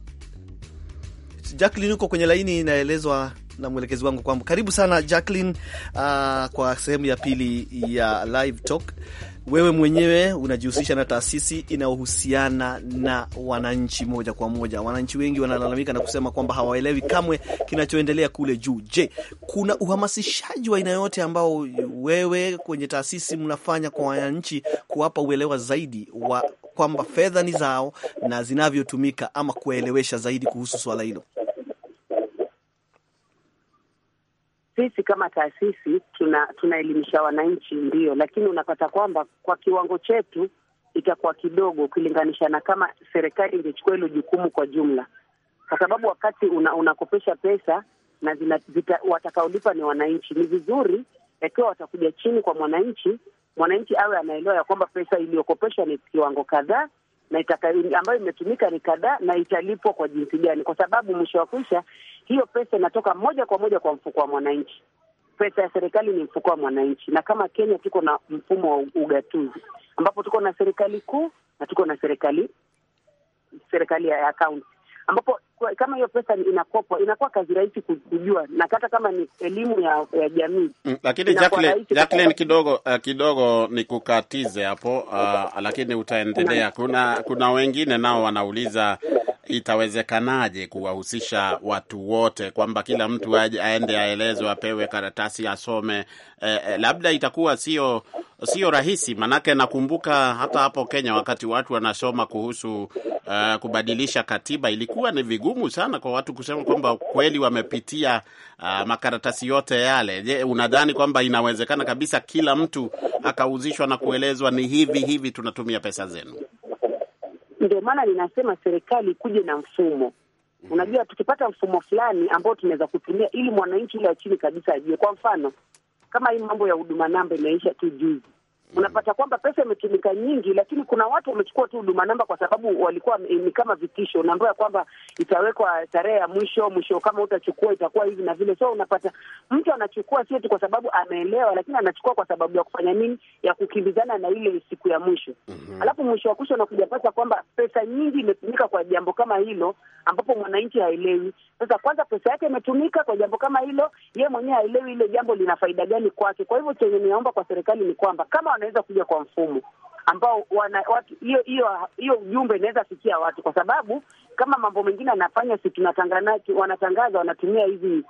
Jacqueline kwenye laini, inaelezwa na mwelekezi wangu kwamba karibu sana Jacqueline, uh, kwa sehemu ya pili ya Live Talk. Wewe mwenyewe unajihusisha na taasisi inayohusiana na wananchi moja kwa moja. Wananchi wengi wanalalamika na kusema kwamba hawaelewi kamwe kinachoendelea kule juu. Je, kuna uhamasishaji wa aina yote ambao wewe kwenye taasisi mnafanya kwa wananchi kuwapa uelewa zaidi wa kwamba fedha ni zao na zinavyotumika ama kuwaelewesha zaidi kuhusu swala hilo? sisi kama taasisi tuna tunaelimisha wananchi ndio, lakini unapata kwamba kwa kiwango chetu itakuwa kidogo ukilinganisha na kama serikali ingechukua hilo jukumu kwa jumla, kwa sababu wakati una, unakopesha pesa na zina, zita, watakaolipa ni wananchi. Ni vizuri ikiwa watakuja chini kwa mwananchi, mwananchi awe anaelewa ya kwamba pesa iliyokopeshwa ni kiwango kadhaa na itaka, ambayo imetumika ni kadhaa na italipwa kwa jinsi gani, kwa sababu mwisho wa kuisha hiyo pesa inatoka moja kwa moja kwa mfuko wa mwananchi. Pesa ya serikali ni mfuko wa mwananchi, na kama Kenya tuko na mfumo wa ugatuzi ambapo tuko na serikali kuu na tuko na serikali serikali ya kaunti, ambapo kama hiyo pesa inakopwa inakuwa kazi rahisi kujua, na hata kama ni elimu ya, ya jamii. Mm, lakini Jacqueline, Jacqueline kidogo uh, kidogo kukatize hapo uh, lakini utaendelea. Kuna kuna wengine nao wanauliza itawezekanaje kuwahusisha watu wote, kwamba kila mtu aende aelezwe, apewe karatasi asome? E, e, labda itakuwa sio sio rahisi, manake nakumbuka hata hapo Kenya wakati watu wanasoma kuhusu uh, kubadilisha katiba ilikuwa ni vigumu sana kwa watu kusema kwamba kweli wamepitia uh, makaratasi yote yale. Je, unadhani kwamba inawezekana kabisa kila mtu akahusishwa na kuelezwa ni hivi hivi tunatumia pesa zenu? Ndio maana ninasema serikali ikuje na mfumo mm -hmm. Unajua, tukipata mfumo fulani ambao tunaweza kutumia ili mwananchi ule wa chini kabisa ajue, kwa mfano kama hii mambo ya huduma namba imeisha tu juzi unapata kwamba pesa imetumika nyingi, lakini kuna watu wamechukua tu huduma namba kwa sababu walikuwa ni kama vitisho, unaambiwa ya kwamba itawekwa tarehe ya mwisho mwisho, kama utachukua itakuwa hivi na vile. So unapata mtu anachukua sio tu kwa sababu ameelewa, lakini anachukua kwa sababu ya kufanya nini? Ya kukimbizana na ile siku ya mwisho. mm -hmm. Alafu mwisho wa kusho unakuja pata kwamba pesa nyingi imetumika kwa jambo kama hilo, ambapo mwananchi haelewi. Sasa kwanza pesa yake imetumika kwa jambo kama hilo, yeye mwenyewe haelewi ile jambo lina faida gani kwake. Kwa hivyo chenye niomba kwa serikali ni kwamba kama wanaweza kuja kwa mfumo ambao hiyo hiyo hiyo ujumbe inaweza fikia watu, kwa sababu kama mambo mengine anafanya, si tunatangana wanatangaza, wanatumia hizi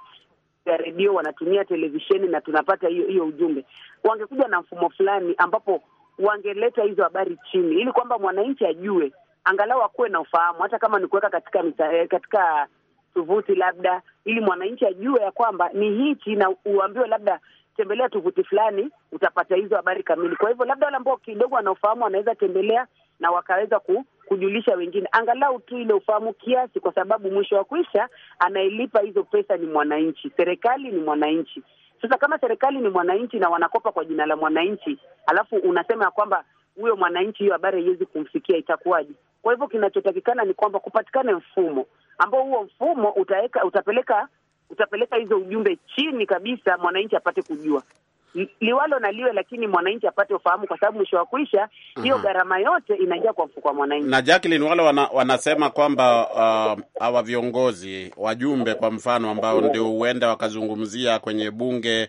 ya redio, wanatumia televisheni na tunapata hiyo hiyo ujumbe. Wangekuja na mfumo fulani ambapo wangeleta hizo habari chini, ili kwamba mwananchi ajue, angalau akuwe na ufahamu, hata kama ni kuweka katika mita, eh, katika tovuti labda, ili mwananchi ajue ya kwamba ni hichi, na uambiwe labda tembelea tovuti fulani, utapata hizo habari kamili. Kwa hivyo, labda wale ambao kidogo wanaofahamu wanaweza tembelea na wakaweza ku, kujulisha wengine angalau tu ile ufahamu kiasi, kwa sababu mwisho wa kuisha anailipa hizo pesa ni mwananchi, serikali ni mwananchi. Sasa kama serikali ni mwananchi na wanakopa kwa jina la mwananchi, alafu unasema ya kwamba huyo mwananchi hiyo habari haiwezi kumfikia, itakuwaje? Kwa hivyo kinachotakikana ni kwamba kupatikane mfumo ambao huo mfumo utaweka, utapeleka utapeleka hizo ujumbe chini kabisa, mwananchi apate kujua liwalo na liwe, lakini mwananchi apate ufahamu, kwa sababu mwisho wa kuisha hiyo mhm. gharama yote inaingia kwa mfuko wa mwananchi. Na Jacqueline, wale wana, wanasema kwamba uh, hawa uh, viongozi wajumbe, kwa mfano, ambao ndio huenda wakazungumzia kwenye bunge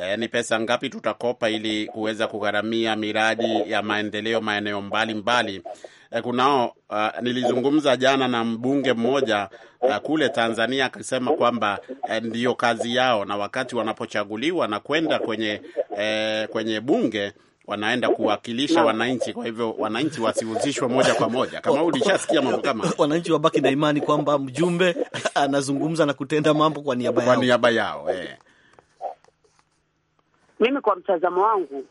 eh, ni pesa ngapi tutakopa ili kuweza kugharamia miradi ya maendeleo maeneo mbalimbali mbali. Eh, kunao uh, nilizungumza jana na mbunge mmoja uh, kule Tanzania akisema kwamba eh, ndiyo kazi yao, na wakati wanapochaguliwa na kwenda kwenye eh, kwenye bunge wanaenda kuwakilisha wananchi. Kwa hivyo wananchi wasihusishwe moja kwa moja, kama ulishasikia mambo kama wananchi wabaki na imani kwamba mjumbe anazungumza na kutenda mambo kwa niaba yao, kwa niaba yao eh. Mimi kwa mtazamo wangu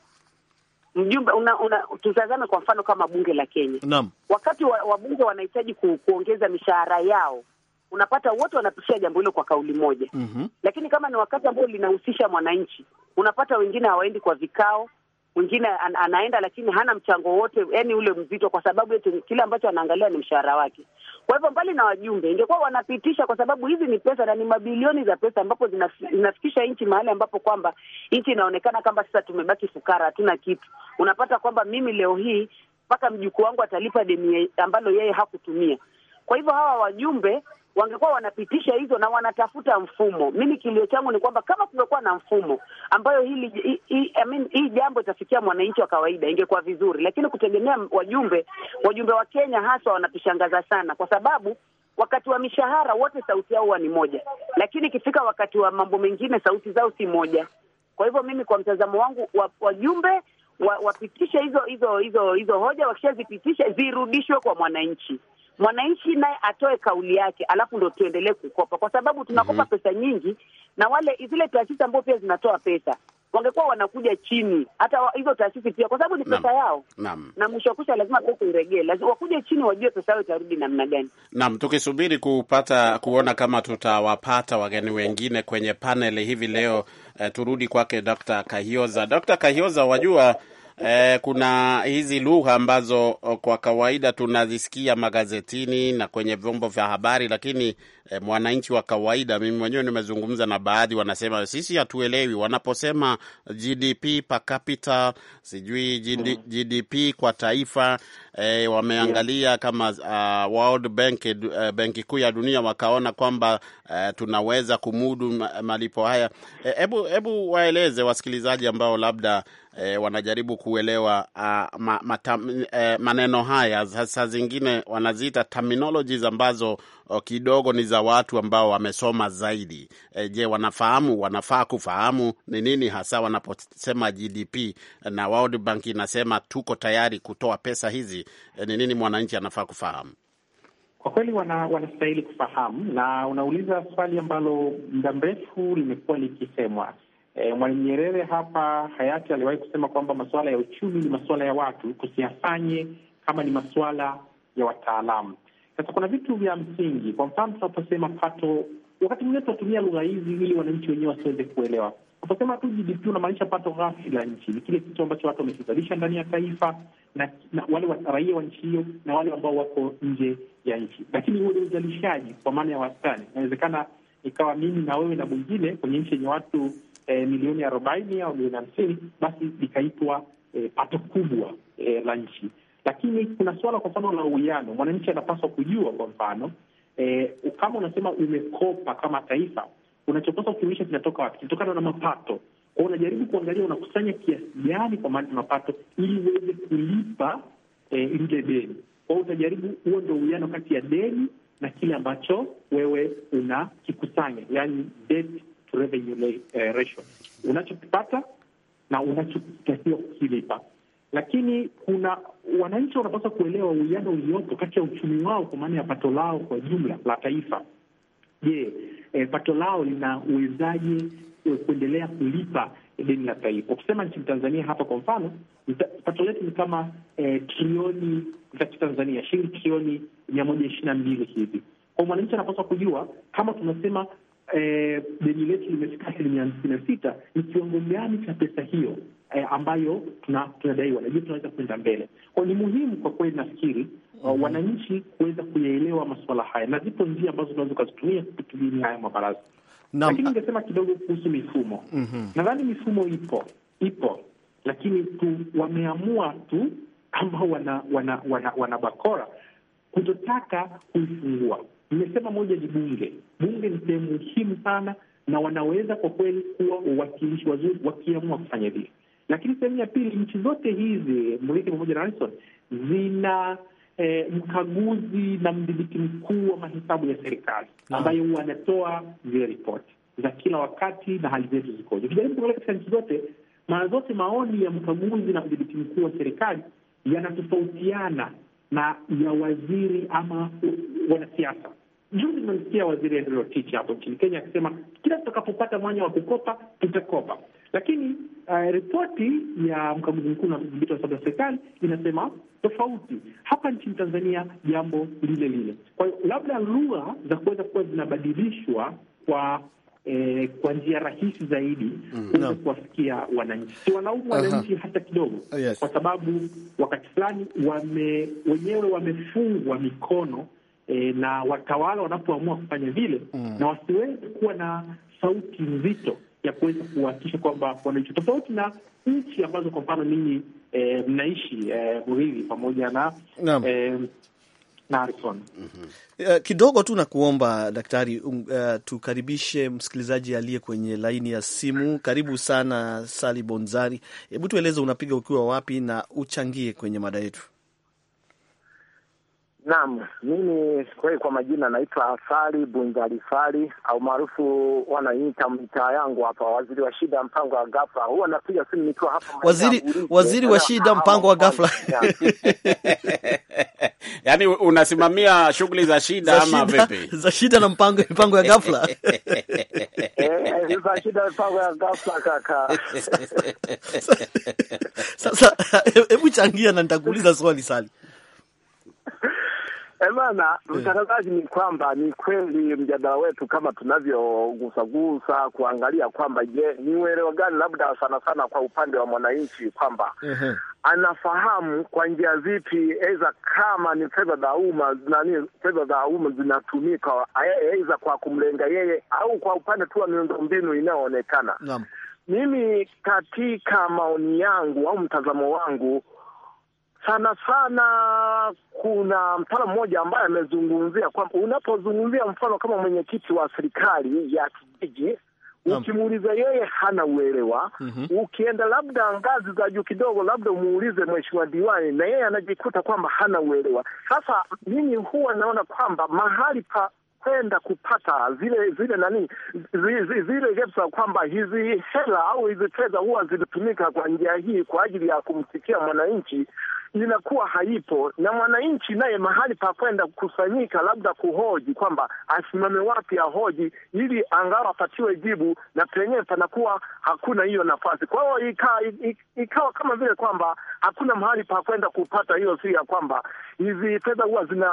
mjumbe una, una, tutazame kwa mfano kama bunge la Kenya. Naam. Wakati wabunge wa wanahitaji ku, kuongeza mishahara yao unapata wote wanapishia jambo hilo kwa kauli moja. mm -hmm. Lakini kama ni wakati ambao linahusisha mwananchi, unapata wengine hawaendi kwa vikao, mwingine an, anaenda lakini hana mchango wote, yani ule mzito, kwa sababu yetu, kile ambacho anaangalia ni mshahara wake. Kwa hivyo mbali na wajumbe, ingekuwa wanapitisha, kwa sababu hizi ni pesa na ni mabilioni za pesa, ambapo zinafikisha nchi mahali ambapo kwamba nchi inaonekana kama sasa tumebaki fukara, hatuna kitu. Unapata kwamba mimi leo hii mpaka mjukuu wangu atalipa deni ambalo yeye hakutumia. Kwa hivyo hawa wajumbe wangekuwa wanapitisha hizo na wanatafuta mfumo. Mimi kilio changu ni kwamba kama kungekuwa na mfumo ambayo hili hii hi, I mean, hii jambo itafikia mwananchi wa kawaida ingekuwa vizuri, lakini kutegemea wajumbe wajumbe wa Kenya haswa wanatushangaza sana, kwa sababu wakati wa mishahara wote sauti yao huwa ni moja, lakini ikifika wakati wa mambo mengine sauti zao si moja. Kwa hivyo mimi kwa mtazamo wangu wajumbe wa wapitishe hizo hizo hizo hizo hoja, wakishazipitisha zirudishwe kwa mwananchi mwananchi naye atoe kauli yake, alafu ndo tuendelee kukopa, kwa sababu tunakopa mm -hmm. pesa nyingi, na wale zile taasisi ambao pia zinatoa pesa wangekuwa wanakuja chini, hata hizo taasisi pia, kwa sababu ni pesa yao Nam. na mwisho wa kusha lazima pesa iregee, lazima wakuje chini, wajue pesa yao itarudi namna gani. Naam, tukisubiri kupata kuona kama tutawapata wageni wengine kwenye panel hivi leo. Eh, turudi kwake Dr. Kahioza. Dr. Kahioza, wajua eh, kuna hizi lugha ambazo kwa kawaida tunazisikia magazetini na kwenye vyombo vya habari, lakini eh, mwananchi wa kawaida, mimi mwenyewe nimezungumza na baadhi, wanasema sisi hatuelewi wanaposema GDP per capita, sijui GDP hmm. kwa taifa eh, wameangalia kama uh, World Bank, uh, Benki Kuu ya Dunia, wakaona kwamba uh, tunaweza kumudu malipo haya. Hebu eh, hebu waeleze wasikilizaji ambao labda e, wanajaribu kuelewa uh, ma, matam, e, eh, maneno haya. Sasa zingine wanaziita terminologies ambazo oh, kidogo ni za watu ambao wamesoma zaidi. E, je, wanafahamu wanafaa kufahamu ni nini hasa wanaposema GDP na World Bank inasema tuko tayari kutoa pesa hizi. E, ni nini mwananchi anafaa kufahamu? Kwa kweli wana, wanastahili kufahamu, na unauliza swali ambalo muda mrefu limekuwa likisemwa E, Mwalimu Nyerere hapa hayati aliwahi kusema kwamba masuala ya uchumi ni masuala ya watu, tusiyafanye kama ni masuala ya wataalamu. Sasa kuna vitu vya msingi, kwa mfano tunaposema pato, wakati mwingine tunatumia lugha hizi ili wananchi wenyewe wasiweze kuelewa. Unaposema tu GDP unamaanisha pato ghafi la nchi, ni kile kitu ambacho watu wamekizalisha ndani ya taifa na, na wale raia wa nchi hiyo na wale ambao wako nje ya nchi. Lakini huo ni uzalishaji kwa maana ya wastani, inawezekana ikawa mimi na wewe na mwingine kwenye nchi yenye watu eh, milioni arobaini au milioni hamsini, basi likaitwa eh, pato kubwa eh, la nchi. Lakini kuna suala kwa mfano la uwiano, mwananchi anapaswa kujua kwa mfano eh, kama unasema umekopa kama taifa, unachopaswa kukimisha kinatoka wapi? Kinatokana na mapato kwao. Unajaribu kuangalia unakusanya kiasi gani kwa maana mapato, ili uweze kulipa eh, lile deni kwao. Utajaribu, huo ndio uwiano kati ya deni na kile ambacho wewe unakikusanya, yani debt revenue eh, ratio, unachokipata na unachotakiwa kukilipa. Lakini kuna wananchi wanapaswa kuelewa uwiano uliopo kati ya uchumi wao kwa maana ya pato lao kwa jumla la taifa. Je, eh, pato lao linawezaje eh, kuendelea kulipa deni la taifa? Ukisema nchini Tanzania hapa kwa mfano, pato letu ni kama eh, trilioni za kitanzania shilingi trilioni mia moja ishirini na mbili hivi. Kwa mwananchi anapaswa kujua kama tunasema eh, deni letu limefika asilimia hamsini na sita, ni kiwango gani cha pesa hiyo eh, ambayo tunadaiwa? Najua tunaweza kwenda mbele kwao. Ni muhimu kwa kweli, nafikiri -hmm. wananchi kuweza kuyaelewa masuala haya, na zipo njia ambazo tunaweza ukazitumia kutumia haya mabaraza. Lakini ningesema kidogo kuhusu mifumo mm -hmm. Nadhani mifumo ipo ipo, lakini tu wameamua tu ambao wana wana wana, wana bakora kutotaka kuifungua Nimesema moja ni bunge. Bunge ni sehemu muhimu sana, na wanaweza kwa kweli kuwa uwakilishi wazuri wakiamua kufanya vile. Lakini sehemu ya pili, nchi zote hizi Murithi pamoja na Harrison zina eh, mkaguzi na mdhibiti mkuu wa mahesabu ya serikali ambayo huwa anatoa zile ripoti za kila wakati na hali zetu zikoje. Ukijaribu kuangalia katika nchi zote, mara zote maoni ya mkaguzi na mdhibiti mkuu wa serikali yanatofautiana na ya waziri ama wanasiasa. Juzi nimemsikia waziri Henry Rotich hapo nchini Kenya akisema kila tutakapopata mwanya wa kukopa tutakopa, lakini uh, ripoti ya mkaguzi mkuu na udhibiti wa hesabu za serikali inasema tofauti. Hapa nchini Tanzania jambo lile lile. Kwa hiyo labda lugha za kuweza kuwa zinabadilishwa kwa Eh, kwa njia rahisi zaidi mm, kuweza mm, kuwafikia wananchi. Si wanaumu wananchi hata kidogo, oh, yes. Kwa sababu wakati fulani wame wenyewe wamefungwa mikono e, na watawala wanapoamua kufanya vile mm. na wasiweze kuwa na sauti nzito ya kuweza kuhakikisha kwamba wanaishi tofauti na nchi ambazo kwa mfano ninyi e, mnaishi e, Muhizi pamoja na mm. e, Mm -hmm. Uh, kidogo tu na kuomba daktari, um, uh, tukaribishe msikilizaji aliye kwenye laini ya simu. Karibu sana Sali Bonzari, hebu tueleze unapiga ukiwa wapi na uchangie kwenye mada yetu. Naam, mimi kweli kwa majina naitwa Sali Bunjali Sali au maarufu wanaita mtaa yangu hapa, waziri wa shida mpango wa ghafla. Huwa napiga simu nikiwa hapa waziri, waziri wa shida mpango wa ghafla yaani unasimamia shughuli za shida ama vipi? Za shida na mpango mpango ya ghafla eh, za shida mpango ya ghafla kaka. Sasa hebu changia na nitakuuliza swali Sali. Emana eh. mtangazaji, ni kwamba ni kweli mjadala wetu kama tunavyogusagusa kuangalia kwamba, je, ni uelewa gani labda sana sana kwa upande wa mwananchi kwamba anafahamu kwa njia zipi, aidha kama ni fedha za umma, nani fedha za umma zinatumika, aidha kwa kumlenga yeye au kwa upande tu wa miundombinu inayoonekana. Mimi katika maoni yangu au mtazamo wangu sana sana. Kuna mtaalamu mmoja ambaye amezungumzia kwamba unapozungumzia mfano kama mwenyekiti wa serikali ya kijiji ukimuuliza yeye hana uelewa. mm -hmm. Ukienda labda ngazi za juu kidogo, labda umuulize mheshimiwa diwani, na yeye anajikuta kwamba hana uelewa. Sasa mimi huwa naona kwamba mahali pa kwenda kupata zile zile nani zile, gepsa kwamba hizi hela au hizi fedha huwa zilitumika kwa njia hii kwa ajili ya kumfikia mwananchi linakuwa haipo, na mwananchi naye mahali pa kwenda kukusanyika, labda kuhoji kwamba asimame wapi ahoji, ili angalau apatiwe jibu, na penyewe panakuwa hakuna hiyo nafasi. Kwa hiyo ikawa ika, kama vile kwamba hakuna mahali pa kwenda kupata hiyo si ya kwamba hizi fedha huwa zina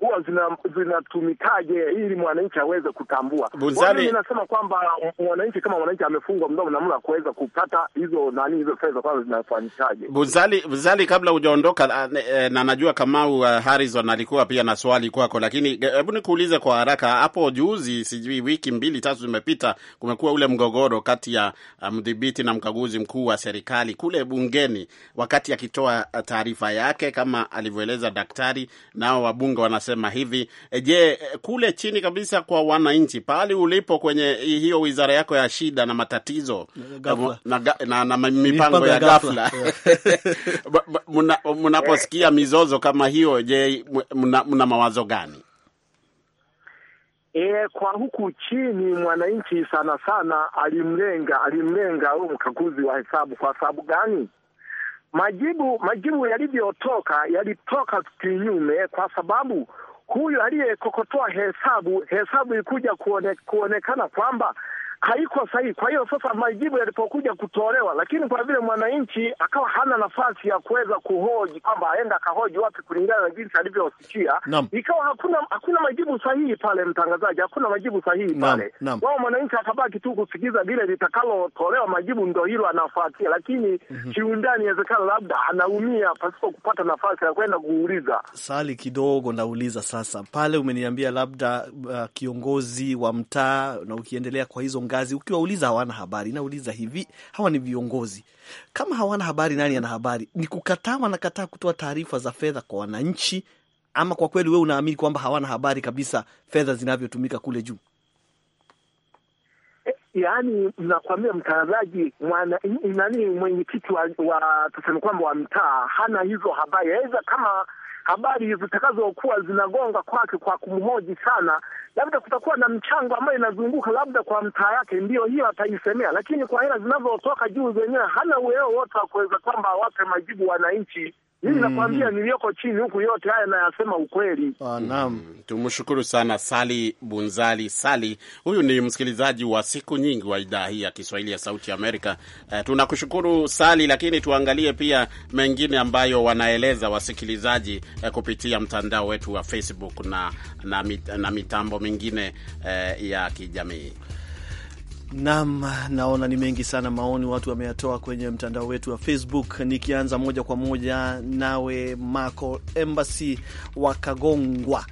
huwa zinatumikaje zina, zinatumikaje ili mwananchi aweze kutambua. Mimi inasema kwamba mwananchi kama mwananchi amefungwa mdomo namna kuweza kupata hizo nani hizo fedha kwanza zinafanyikaje. Buzali, Buzali kabla ujo uliondoka ah, eh, na najua Kamau ah, Harrison alikuwa pia na swali kwako, lakini eh, hebu nikuulize kwa haraka hapo. Juzi, sijui wiki mbili tatu zimepita, kumekuwa ule mgogoro kati ya ah, mdhibiti na mkaguzi mkuu wa serikali kule bungeni, wakati akitoa ya taarifa yake kama alivyoeleza daktari, nao wabunge wanasema hivi. Eh, je, kule chini kabisa kwa wananchi, pale ulipo kwenye hiyo wizara yako ya shida na matatizo na, na, na, na mipango ya ghafla mnaposikia eh, eh. mizozo kama hiyo, je, mna, mna mawazo gani? E, kwa huku chini mwananchi sana sana alimlenga alimlenga huyu mkaguzi wa hesabu. Kwa sababu gani? Majibu majibu yalivyotoka yalitoka kinyume, kwa sababu huyu aliyekokotoa hesabu hesabu ikuja kuone, kuonekana kwamba haiko sahihi. Kwa hiyo sasa, majibu yalipokuja kutolewa, lakini kwa vile mwananchi akawa hana nafasi ya kuweza kuhoji kwamba aenda akahoji wapi kulingana na jinsi alivyosikia, ikawa hakuna hakuna majibu sahihi pale, mtangazaji, hakuna majibu sahihi pale. Wao mwananchi akabaki tu kusikiza vile litakalotolewa majibu, ndo hilo anafuatia, lakini mhm. kiundani inawezekana labda anaumia pasipo kupata nafasi ya kwenda kuuliza. Sali kidogo, nauliza sasa, pale umeniambia labda uh, kiongozi wa mtaa na ukiendelea kwa hizo ngazi, ukiwauliza hawana habari. Nauliza hivi, hawa ni viongozi, kama hawana habari, nani ana habari? Ni kukataa, wanakataa kutoa taarifa za fedha kwa wananchi, ama kwa kweli wewe unaamini kwamba hawana habari kabisa fedha zinavyotumika kule juu? Eh, yaani, nakwambia mtangazaji, nani, mwenyekiti wa tuseme kwamba wa mtaa hana hizo habari, aweza kama habari zitakazokuwa zinagonga kwake kwa kumhoji sana, labda kutakuwa na mchango ambayo inazunguka labda kwa mtaa yake, ndiyo hiyo ataisemea, lakini kwa hela zinazotoka juu zenyewe hana uelewa wote wa kuweza kwamba awape majibu wananchi mimi mm. nakwambia niliyoko chini huku yote haya nayasema ukweli. Ah, naam. Tumshukuru sana Sali Bunzali Sali. Huyu ni msikilizaji wa siku nyingi wa idhaa hii ya Kiswahili ya Sauti ya Amerika. Eh, tunakushukuru Sali, lakini tuangalie pia mengine ambayo wanaeleza wasikilizaji eh, kupitia mtandao wetu wa Facebook na na, mit, na mitambo mingine eh, ya kijamii. Nam, naona ni mengi sana maoni watu wameyatoa kwenye mtandao wetu wa Facebook. Nikianza moja kwa moja nawe Marco Embassy wa Kagongwa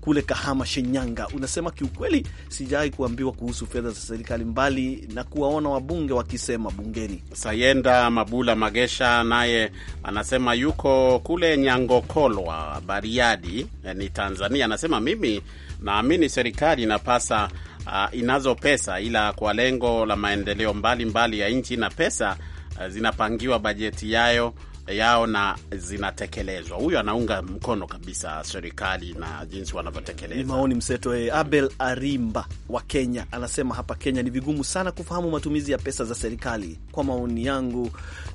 kule Kahama, Shinyanga, unasema kiukweli, sijawahi kuambiwa kuhusu fedha za serikali mbali na kuwaona wabunge wakisema bungeni. Sayenda Mabula Magesha naye anasema yuko kule Nyangokolwa, Bariadi eh, ni Tanzania, anasema mimi naamini serikali inapasa uh, inazo pesa ila kwa lengo la maendeleo mbalimbali mbali ya nchi, na pesa uh, zinapangiwa bajeti yayo yao na zinatekelezwa. Huyu anaunga mkono kabisa serikali na jinsi wanavyotekeleza. Ni maoni mseto. E, Abel Arimba wa Kenya anasema hapa Kenya ni vigumu sana kufahamu matumizi ya pesa za serikali. Kwa maoni yangu,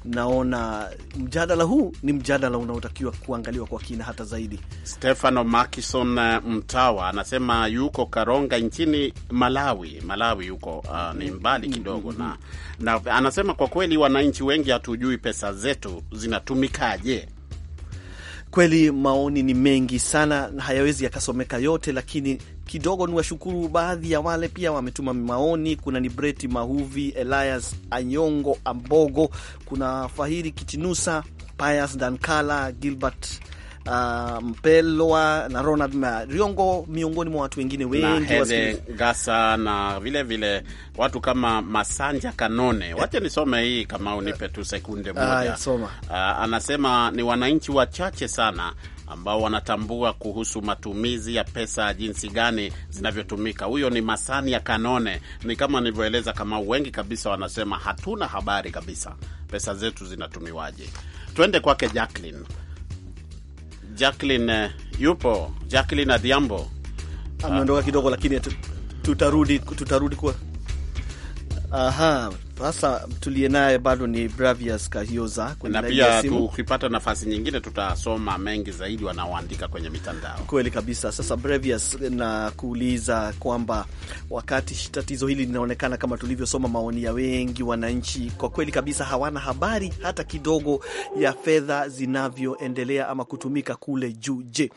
naona mjadala huu ni mjadala unaotakiwa kuangaliwa kwa kina hata zaidi. Stefano Makison eh, Mtawa anasema yuko Karonga nchini Malawi. Malawi yuko uh, ni mbali kidogo mm -hmm. na, na anasema kwa kweli wananchi wengi hatujui pesa zetu zina yatatumikaje? Kweli maoni ni mengi sana, hayawezi yakasomeka yote, lakini kidogo ni washukuru baadhi ya wale pia wametuma maoni. Kuna Nibreti Mahuvi, Elias Anyongo Ambogo, kuna Fahiri Kitinusa, Pius Dankala, Gilbert uh, Mpelwa na Ronald Mariongo miongoni mwa watu wengine wengi gasa na vile vile watu kama Masanja Kanone. Wacha nisome hii kama unipe tu sekunde ah, moja. Uh, anasema ni wananchi wachache sana ambao wanatambua kuhusu matumizi ya pesa jinsi gani zinavyotumika. Huyo ni Masani ya Kanone. Ni kama nilivyoeleza, kama wengi kabisa wanasema hatuna habari kabisa pesa zetu zinatumiwaje. Tuende kwake Jacqueline. Jacqueline eh, yupo, Jacqueline Adhiambo ameondoka kidogo, lakini tutarudi, tutarudi kwa aha sasa tuliye naye bado ni Bravias Kahioza, na pia tukipata nafasi nyingine tutasoma mengi zaidi wanaoandika kwenye mitandao. Kweli kabisa. Sasa Bravias, na kuuliza kwamba wakati tatizo hili linaonekana kama tulivyosoma maoni ya wengi wananchi, kwa kweli kabisa hawana habari hata kidogo ya fedha zinavyoendelea ama kutumika kule juu. Je,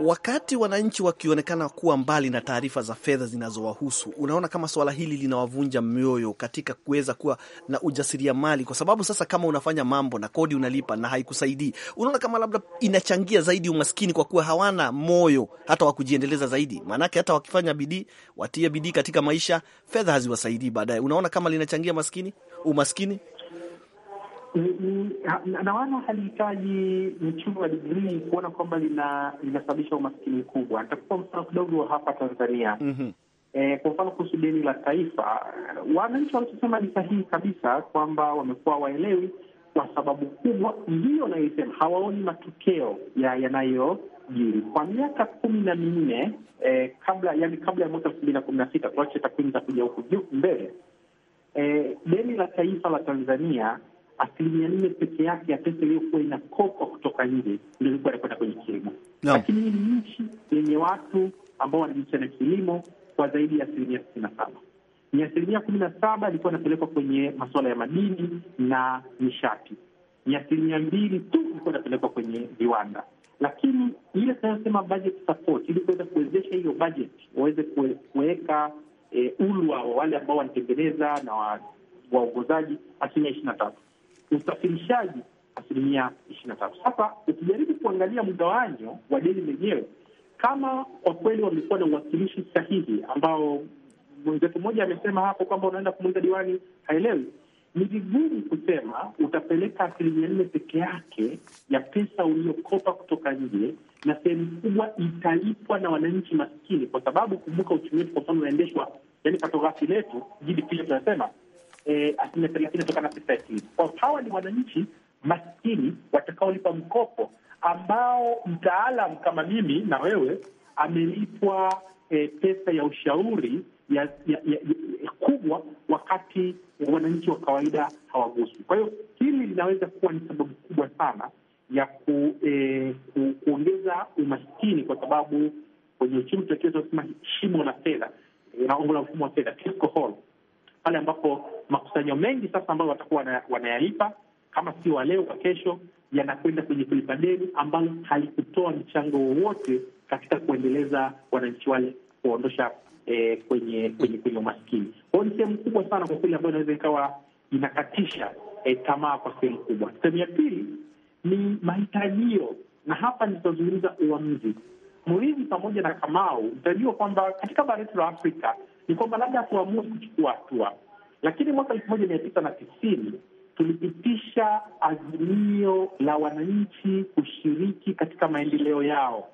Wakati wananchi wakionekana kuwa mbali na taarifa za fedha zinazowahusu, unaona kama swala hili linawavunja mioyo katika kuweza kuwa na ujasiriamali, kwa sababu sasa kama unafanya mambo na kodi unalipa na haikusaidii, unaona kama labda inachangia zaidi umaskini, kwa kuwa hawana moyo hata wa kujiendeleza zaidi. Maanake hata wakifanya bidii, watie bidii katika maisha, fedha haziwasaidii baadaye. Unaona kama linachangia maskini, umaskini na wala halihitaji mchumo wa digrii kuona kwamba linasababisha umaskini mkubwa. Nitakupa mfano kidogo wa hapa Tanzania. mm -hmm. E, kwa mfano kuhusu deni la taifa, wananchi wanachosema ni sahihi kabisa kwamba wamekuwa waelewi kwa sababu kubwa ndiyo nayoisema, hawaoni matokeo yanayojiri kwa miaka kumi na minne e, kabla yani kabla ya mwaka elfu mbili na kumi na sita tuache takwimu za kuja huku mbele. E, deni la taifa la Tanzania asilimia nne peke yake ya pesa iliyokuwa inakopwa kutoka nje ndio ilikuwa inakwenda kwenye kilimo no. Lakini hii ni nchi yenye watu ambao wanajihusisha na kilimo kwa zaidi ya asilimia sitini na saba ni asilimia kumi na saba ilikuwa inapelekwa kwenye masuala ya madini na nishati, ni asilimia mbili tu ilikuwa inapelekwa kwenye viwanda. Lakini ile tunayosema budget support, ili kuweza kuwezesha hiyo budget waweze kuweka e, ulwa wa wale ambao wanatengeneza na waongozaji asilimia ishirini na tatu usafirishaji asilimia ishirini na tatu. Sasa ukijaribu kuangalia mgawanyo wa deni lenyewe, kama kwa kweli wamekuwa na uwakilishi sahihi ambao mwenzetu mmoja amesema hapo kwamba unaenda kumuuliza diwani haelewi, ni vigumu kusema utapeleka asilimia nne peke yake ya pesa uliokopa kutoka nje, na sehemu kubwa italipwa na wananchi maskini, kwa sababu kumbuka uchumi wetu kwa mfano unaendeshwa, yani patogafi letu GDP tunasema E, asilimia thelathini kutokana na sekta ya kilimo. Kwa hawa ni wananchi maskini watakaolipa mkopo ambao mtaalam kama mimi na wewe amelipwa eh, pesa ya ushauri ya, ya, ya, ya kubwa, wakati wananchi wa kawaida hawaguswi. Kwa hiyo hili linaweza kuwa ni sababu kubwa sana ya ku, eh, ku, kuongeza umaskini, kwa sababu kwenye uchumi tunasema shimo la fedha, ongo la mfumo wa fedha fiscal hole pale ambapo makusanyo mengi sasa ambayo watakuwa wanayalipa kama si wa leo wa kesho, yanakwenda kwenye kulipa deni ambalo halikutoa mchango wowote katika kuendeleza wananchi wale kuondosha eh, kwenye kwenye kwenye umaskini. Kwa hiyo ni sehemu kubwa sana kwa kweli ambayo inaweza ikawa inakatisha eh, tamaa kwa sehemu kubwa. Sehemu ya pili ni mahitajio, na hapa nitazungumza uamuzi. Murithi pamoja na Kamau, utajua kwamba katika bara letu la Afrika ni kwamba labda hatuamui kuchukua hatua, lakini mwaka elfu moja mia tisa na tisini tulipitisha azimio la wananchi kushiriki katika maendeleo yao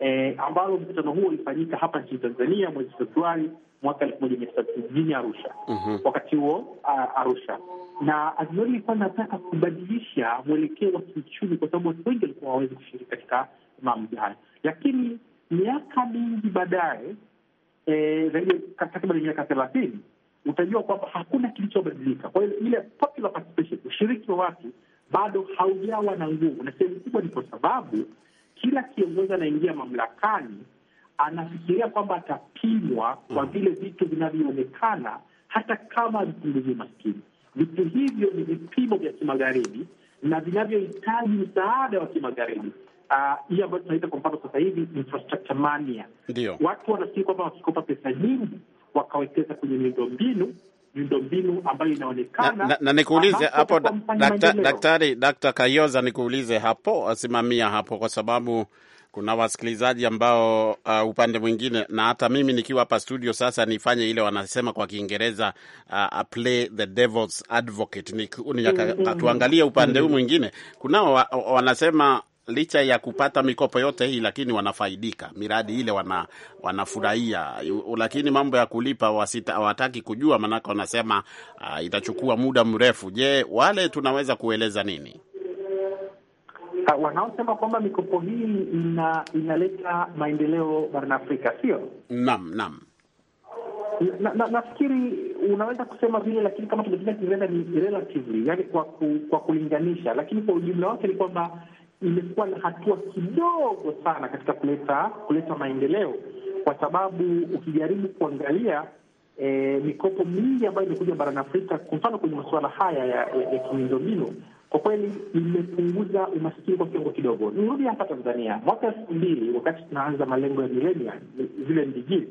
e, ambalo mkutano huo ulifanyika hapa nchini Tanzania mwezi Februari mwaka elfu moja mia tisa jijini Arusha. mm -hmm. Wakati huo Arusha, na azimio lilikuwa linataka kubadilisha mwelekeo wa kiuchumi, kwa sababu watu wengi walikuwa wawezi kushiriki katika maamuzi hayo, lakini miaka mingi baadaye Eh, zaidi ya takriban miaka thelathini, utajua kwamba hakuna kilichobadilika. Kwa hiyo ile popular participation, ushiriki wa watu bado haujawa na nguvu, na sehemu kubwa ni kwa sababu kila kiongozi anaingia mamlakani anafikiria kwamba atapimwa kwa hmm. vile vitu vinavyoonekana, hata kama vipunguzi maskini. Vitu hivyo ni vipimo vya kimagharibi na vinavyohitaji msaada wa kimagharibi hii uh, ah, ambayo tunaita kwa mfano sasa hivi infrastructure mania. Ndio watu wanafikiri kwamba wakikopa pesa nyingi wakawekeza kwenye miundombinu miundombinu ambayo inaonekana na, na nikuulize hapo dakta, daktari Dr. Kayoza nikuulize hapo asimamia hapo kwa sababu kuna wasikilizaji ambao uh, upande mwingine na hata mimi nikiwa hapa studio sasa nifanye ile wanasema kwa Kiingereza uh, play the devil's advocate ni, ni, mm -hmm. Tuangalie upande huu mm -hmm. mwingine kunao wa, wanasema licha ya kupata mikopo yote hii, lakini wanafaidika miradi ile wana, wanafurahia, lakini mambo ya kulipa hawataki kujua, maanake wanasema uh, itachukua muda mrefu. Je, wale tunaweza kueleza nini? wanaosema kwamba mikopo hii ina, inaleta maendeleo barani Afrika, sio? Naam, naam. Na, na, unaweza kusema vile, lakini kama tungetumia Kiingereza ni relatively, yani kwa ku, kwa kulinganisha, lakini kwa ujumla wake ni kwamba imekuwa na hatua kidogo sana katika kuleta kuleta maendeleo, kwa sababu ukijaribu kuangalia e, mikopo mingi ambayo imekuja barani Afrika, kwa mfano kwenye masuala haya ya, ya, ya kimiundombinu kwa kweli imepunguza umasikini kwa kiwango kidogo. Nirudi hapa Tanzania, mwaka elfu mbili wakati tunaanza malengo ya milenia zile ndijii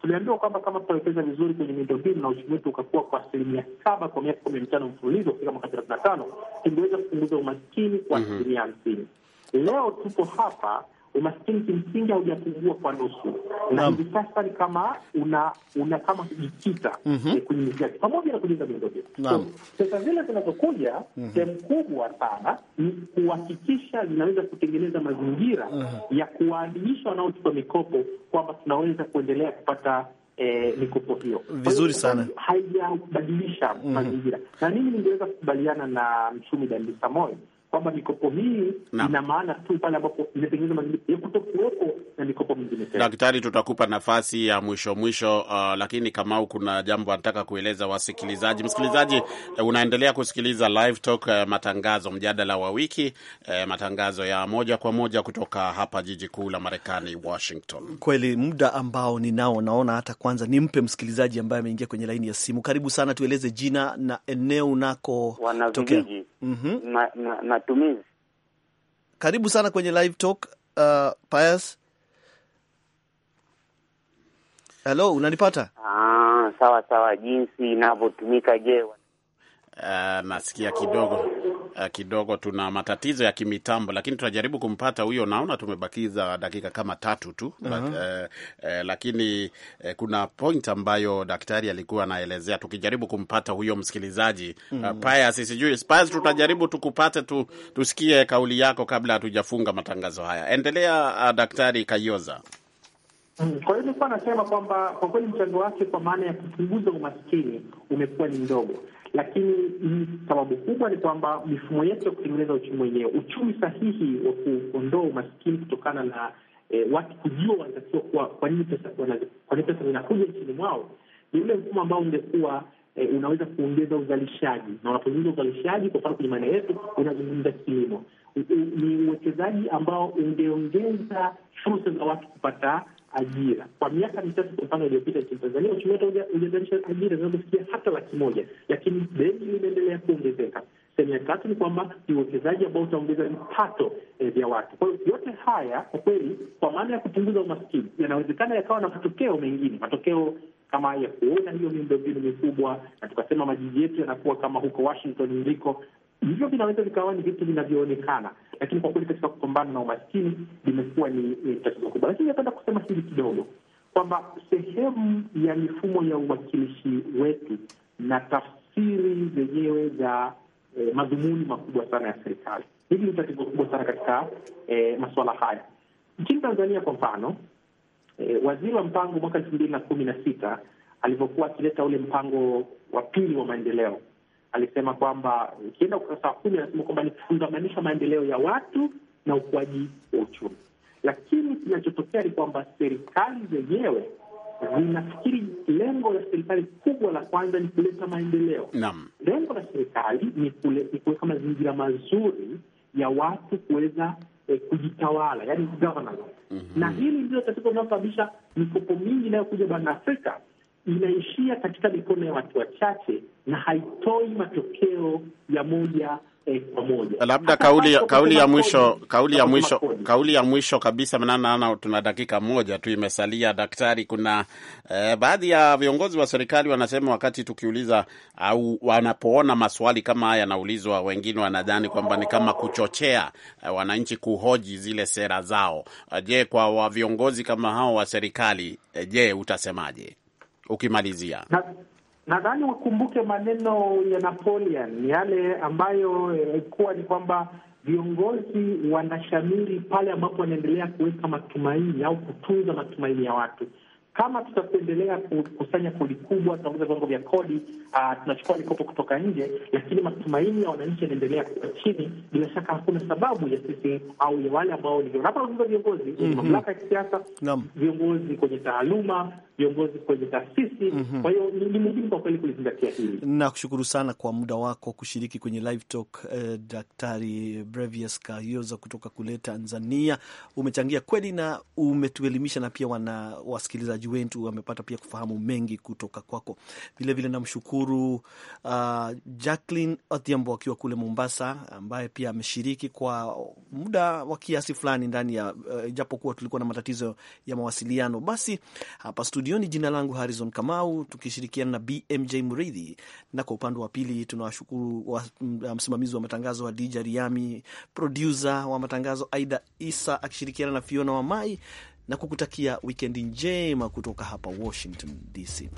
tuliambiwa kwamba kama tutawekeza vizuri kwenye miundombinu na uchumi wetu ukakuwa kwa asilimia saba kwa miaka kumi na mitano mfululizo kufika mwaka thelathini na tano tungeweza kupunguza umaskini kwa mhm. asilimia hamsini. Leo tupo hapa umaskini kimsingi haujapungua kwa nusu, na hivi sasa ni kama una una kama kijikita mhm. eh, kunyunyizia pamoja na kujenga miundombinu. Pesa zile zinazokuja mhm. sehemu kubwa sana ni kuhakikisha zinaweza kutengeneza mazingira mhm. ya kuwaadilisha wanaochukua mikopo kwamba tunaweza kuendelea kupata eh, mikopo hiyo vizuri sana haijabadilisha mazingira mm -hmm. Na mimi ningeweza kukubaliana na mchumi Dandi kwamba mikopo hii ina maana tu pale ambapo imetengeneza mazingira ya kutokuwepo na mikopo mingine tena. Daktari, tutakupa nafasi ya mwisho mwisho, uh, lakini Kamau, kuna jambo anataka kueleza wasikilizaji. Msikilizaji, uh, unaendelea kusikiliza Live Talk, uh, matangazo, mjadala wa wiki, uh, matangazo ya moja kwa moja kutoka hapa jiji kuu la Marekani, Washington. Kweli muda ambao ninao naona hata kwanza nimpe msikilizaji ambaye ameingia kwenye laini ya simu. Karibu sana, tueleze jina na eneo unako tokea mm -hmm. ma, ma, matumizi. Karibu sana kwenye live talk uh, Pius. Hello, unanipata? Ah, sawa sawa, jinsi inavyotumika. Je, Eh, nasikia kidogo uh, kidogo tuna matatizo ya kimitambo, lakini tunajaribu kumpata huyo. Naona tumebakiza dakika kama tatu tu uh -huh. But, uh, uh, lakini uh, kuna point ambayo daktari alikuwa anaelezea, tukijaribu kumpata huyo msikilizaji mm -hmm. uh, Pius, sijui Pius, tutajaribu tukupate tu, tusikie kauli yako kabla hatujafunga matangazo haya. Endelea uh, Daktari Kayoza. Kwa hiyo nilikuwa nasema kwamba kwa kweli mchango wake kwa maana ya kupunguza umaskini umekuwa ni mdogo lakini sababu kubwa ni kwamba mifumo yetu ya kutengeneza uchumi wenyewe, uchumi sahihi wa kuondoa umaskini kutokana na e, watu kujua wanatakiwa kuwa, kwa nini pesa kwa nini pesa zinakuja nchini mwao, ni ule mfumo ambao ungekuwa e, unaweza kuongeza uzalishaji, na unapoongeza uzalishaji, kwa mfano kwenye maeneo yetu unazungumza kilimo, ni uwekezaji ambao ungeongeza fursa za watu kupata ajira. Kwa miaka mitatu kwa mfano iliyopita nchini Tanzania, uchumi wetu hujazalisha ajira zinazofikia hata laki moja, lakini deni limeendelea kuongezeka. Sehemu ya tatu ni kwamba ni uwekezaji ambao utaongeza vipato eh, vya watu. Kwa hiyo yote haya kwa kweli, kwa maana ya kupunguza umaskini, yanawezekana yakawa na matokeo mengine, matokeo kama ya kuona hiyo miundombinu mikubwa, na tukasema majiji yetu yanakuwa kama huko Washington iliko hivyo vinaweza vikawa ni vitu vinavyoonekana, lakini kwa kweli katika kupambana na umaskini vimekuwa ni eh, tatizo tafsiri kidogo kwamba sehemu ya mifumo ya uwakilishi wetu na tafsiri zenyewe za e, madhumuni makubwa sana ya serikali. Hili ni tatizo kubwa sana katika e, masuala haya nchini Tanzania. Kwa mfano e, waziri wa mpango mwaka elfu mbili na kumi na sita alivyokuwa akileta ule mpango wa pili wa maendeleo alisema kwamba ukienda ukurasa wa kumi anasema kwamba ni kufungamanisha maendeleo ya watu na ukuaji wa uchumi. Lakini kinachotokea ni kwamba serikali zenyewe zinafikiri lengo la serikali kubwa la kwanza ni kuleta maendeleo. Naam, lengo la serikali ni kuweka mazingira mazuri ya watu kuweza eh, kujitawala, yani governance mm -hmm. Na hili ndio tatizo linalosababisha mikopo mingi inayokuja barani Afrika inaishia katika mikono ya watu wachache na haitoi matokeo ya moja pamoja. Labda kauli kauli ya mwisho kauli ya mwisho kauli ya mwisho kabisa, maana tuna dakika moja tu imesalia. Daktari, kuna eh, baadhi ya viongozi wa serikali wanasema wakati tukiuliza au wanapoona maswali kama haya yanaulizwa, wengine wanadhani kwamba ni kama kuchochea eh, wananchi kuhoji zile sera zao. Eh, je, kwa wa viongozi kama hao wa serikali eh, je, utasemaje ukimalizia na Nadhani wakumbuke maneno ya Napoleon yale ambayo eh, ilikuwa ni kwamba viongozi wanashamiri pale ambapo wanaendelea kuweka matumaini au kutunza matumaini ya watu. Kama tutakuendelea kukusanya kodi kubwa, tunaongeza viwango vya kodi, ah, tunachukua mikopo kutoka nje, lakini matumaini ya wananchi yanaendelea kuwa chini, bila shaka hakuna sababu ya sisi au ya wale ambao ni hapa, viongozi mhm. mamlaka ya kisiasa, viongozi kwenye taaluma viongozi kwenye taasisi mm -hmm. Kwa hiyo ni muhimu kwa kweli kulizingatia hili. Nakushukuru sana kwa muda wako kushiriki kwenye live talk eh, Daktari Brevius Kayoza kutoka kule Tanzania. Umechangia kweli na umetuelimisha na pia wana wasikilizaji wetu wamepata pia kufahamu mengi kutoka kwako. Vilevile namshukuru uh, Jacqueline Othiambo akiwa kule Mombasa, ambaye pia ameshiriki kwa muda wa kiasi fulani ndani ya uh, japokuwa tulikuwa na matatizo ya mawasiliano. Basi hapa studio Studioni jina langu Harrison Kamau, tukishirikiana na BMJ mridhi na kwa upande wa pili tunawashukuru mm, msimamizi wa matangazo wa Dija Riami, produsa wa matangazo Aida Isa akishirikiana na Fiona Wamai, na kukutakia wikendi njema kutoka hapa Washington DC.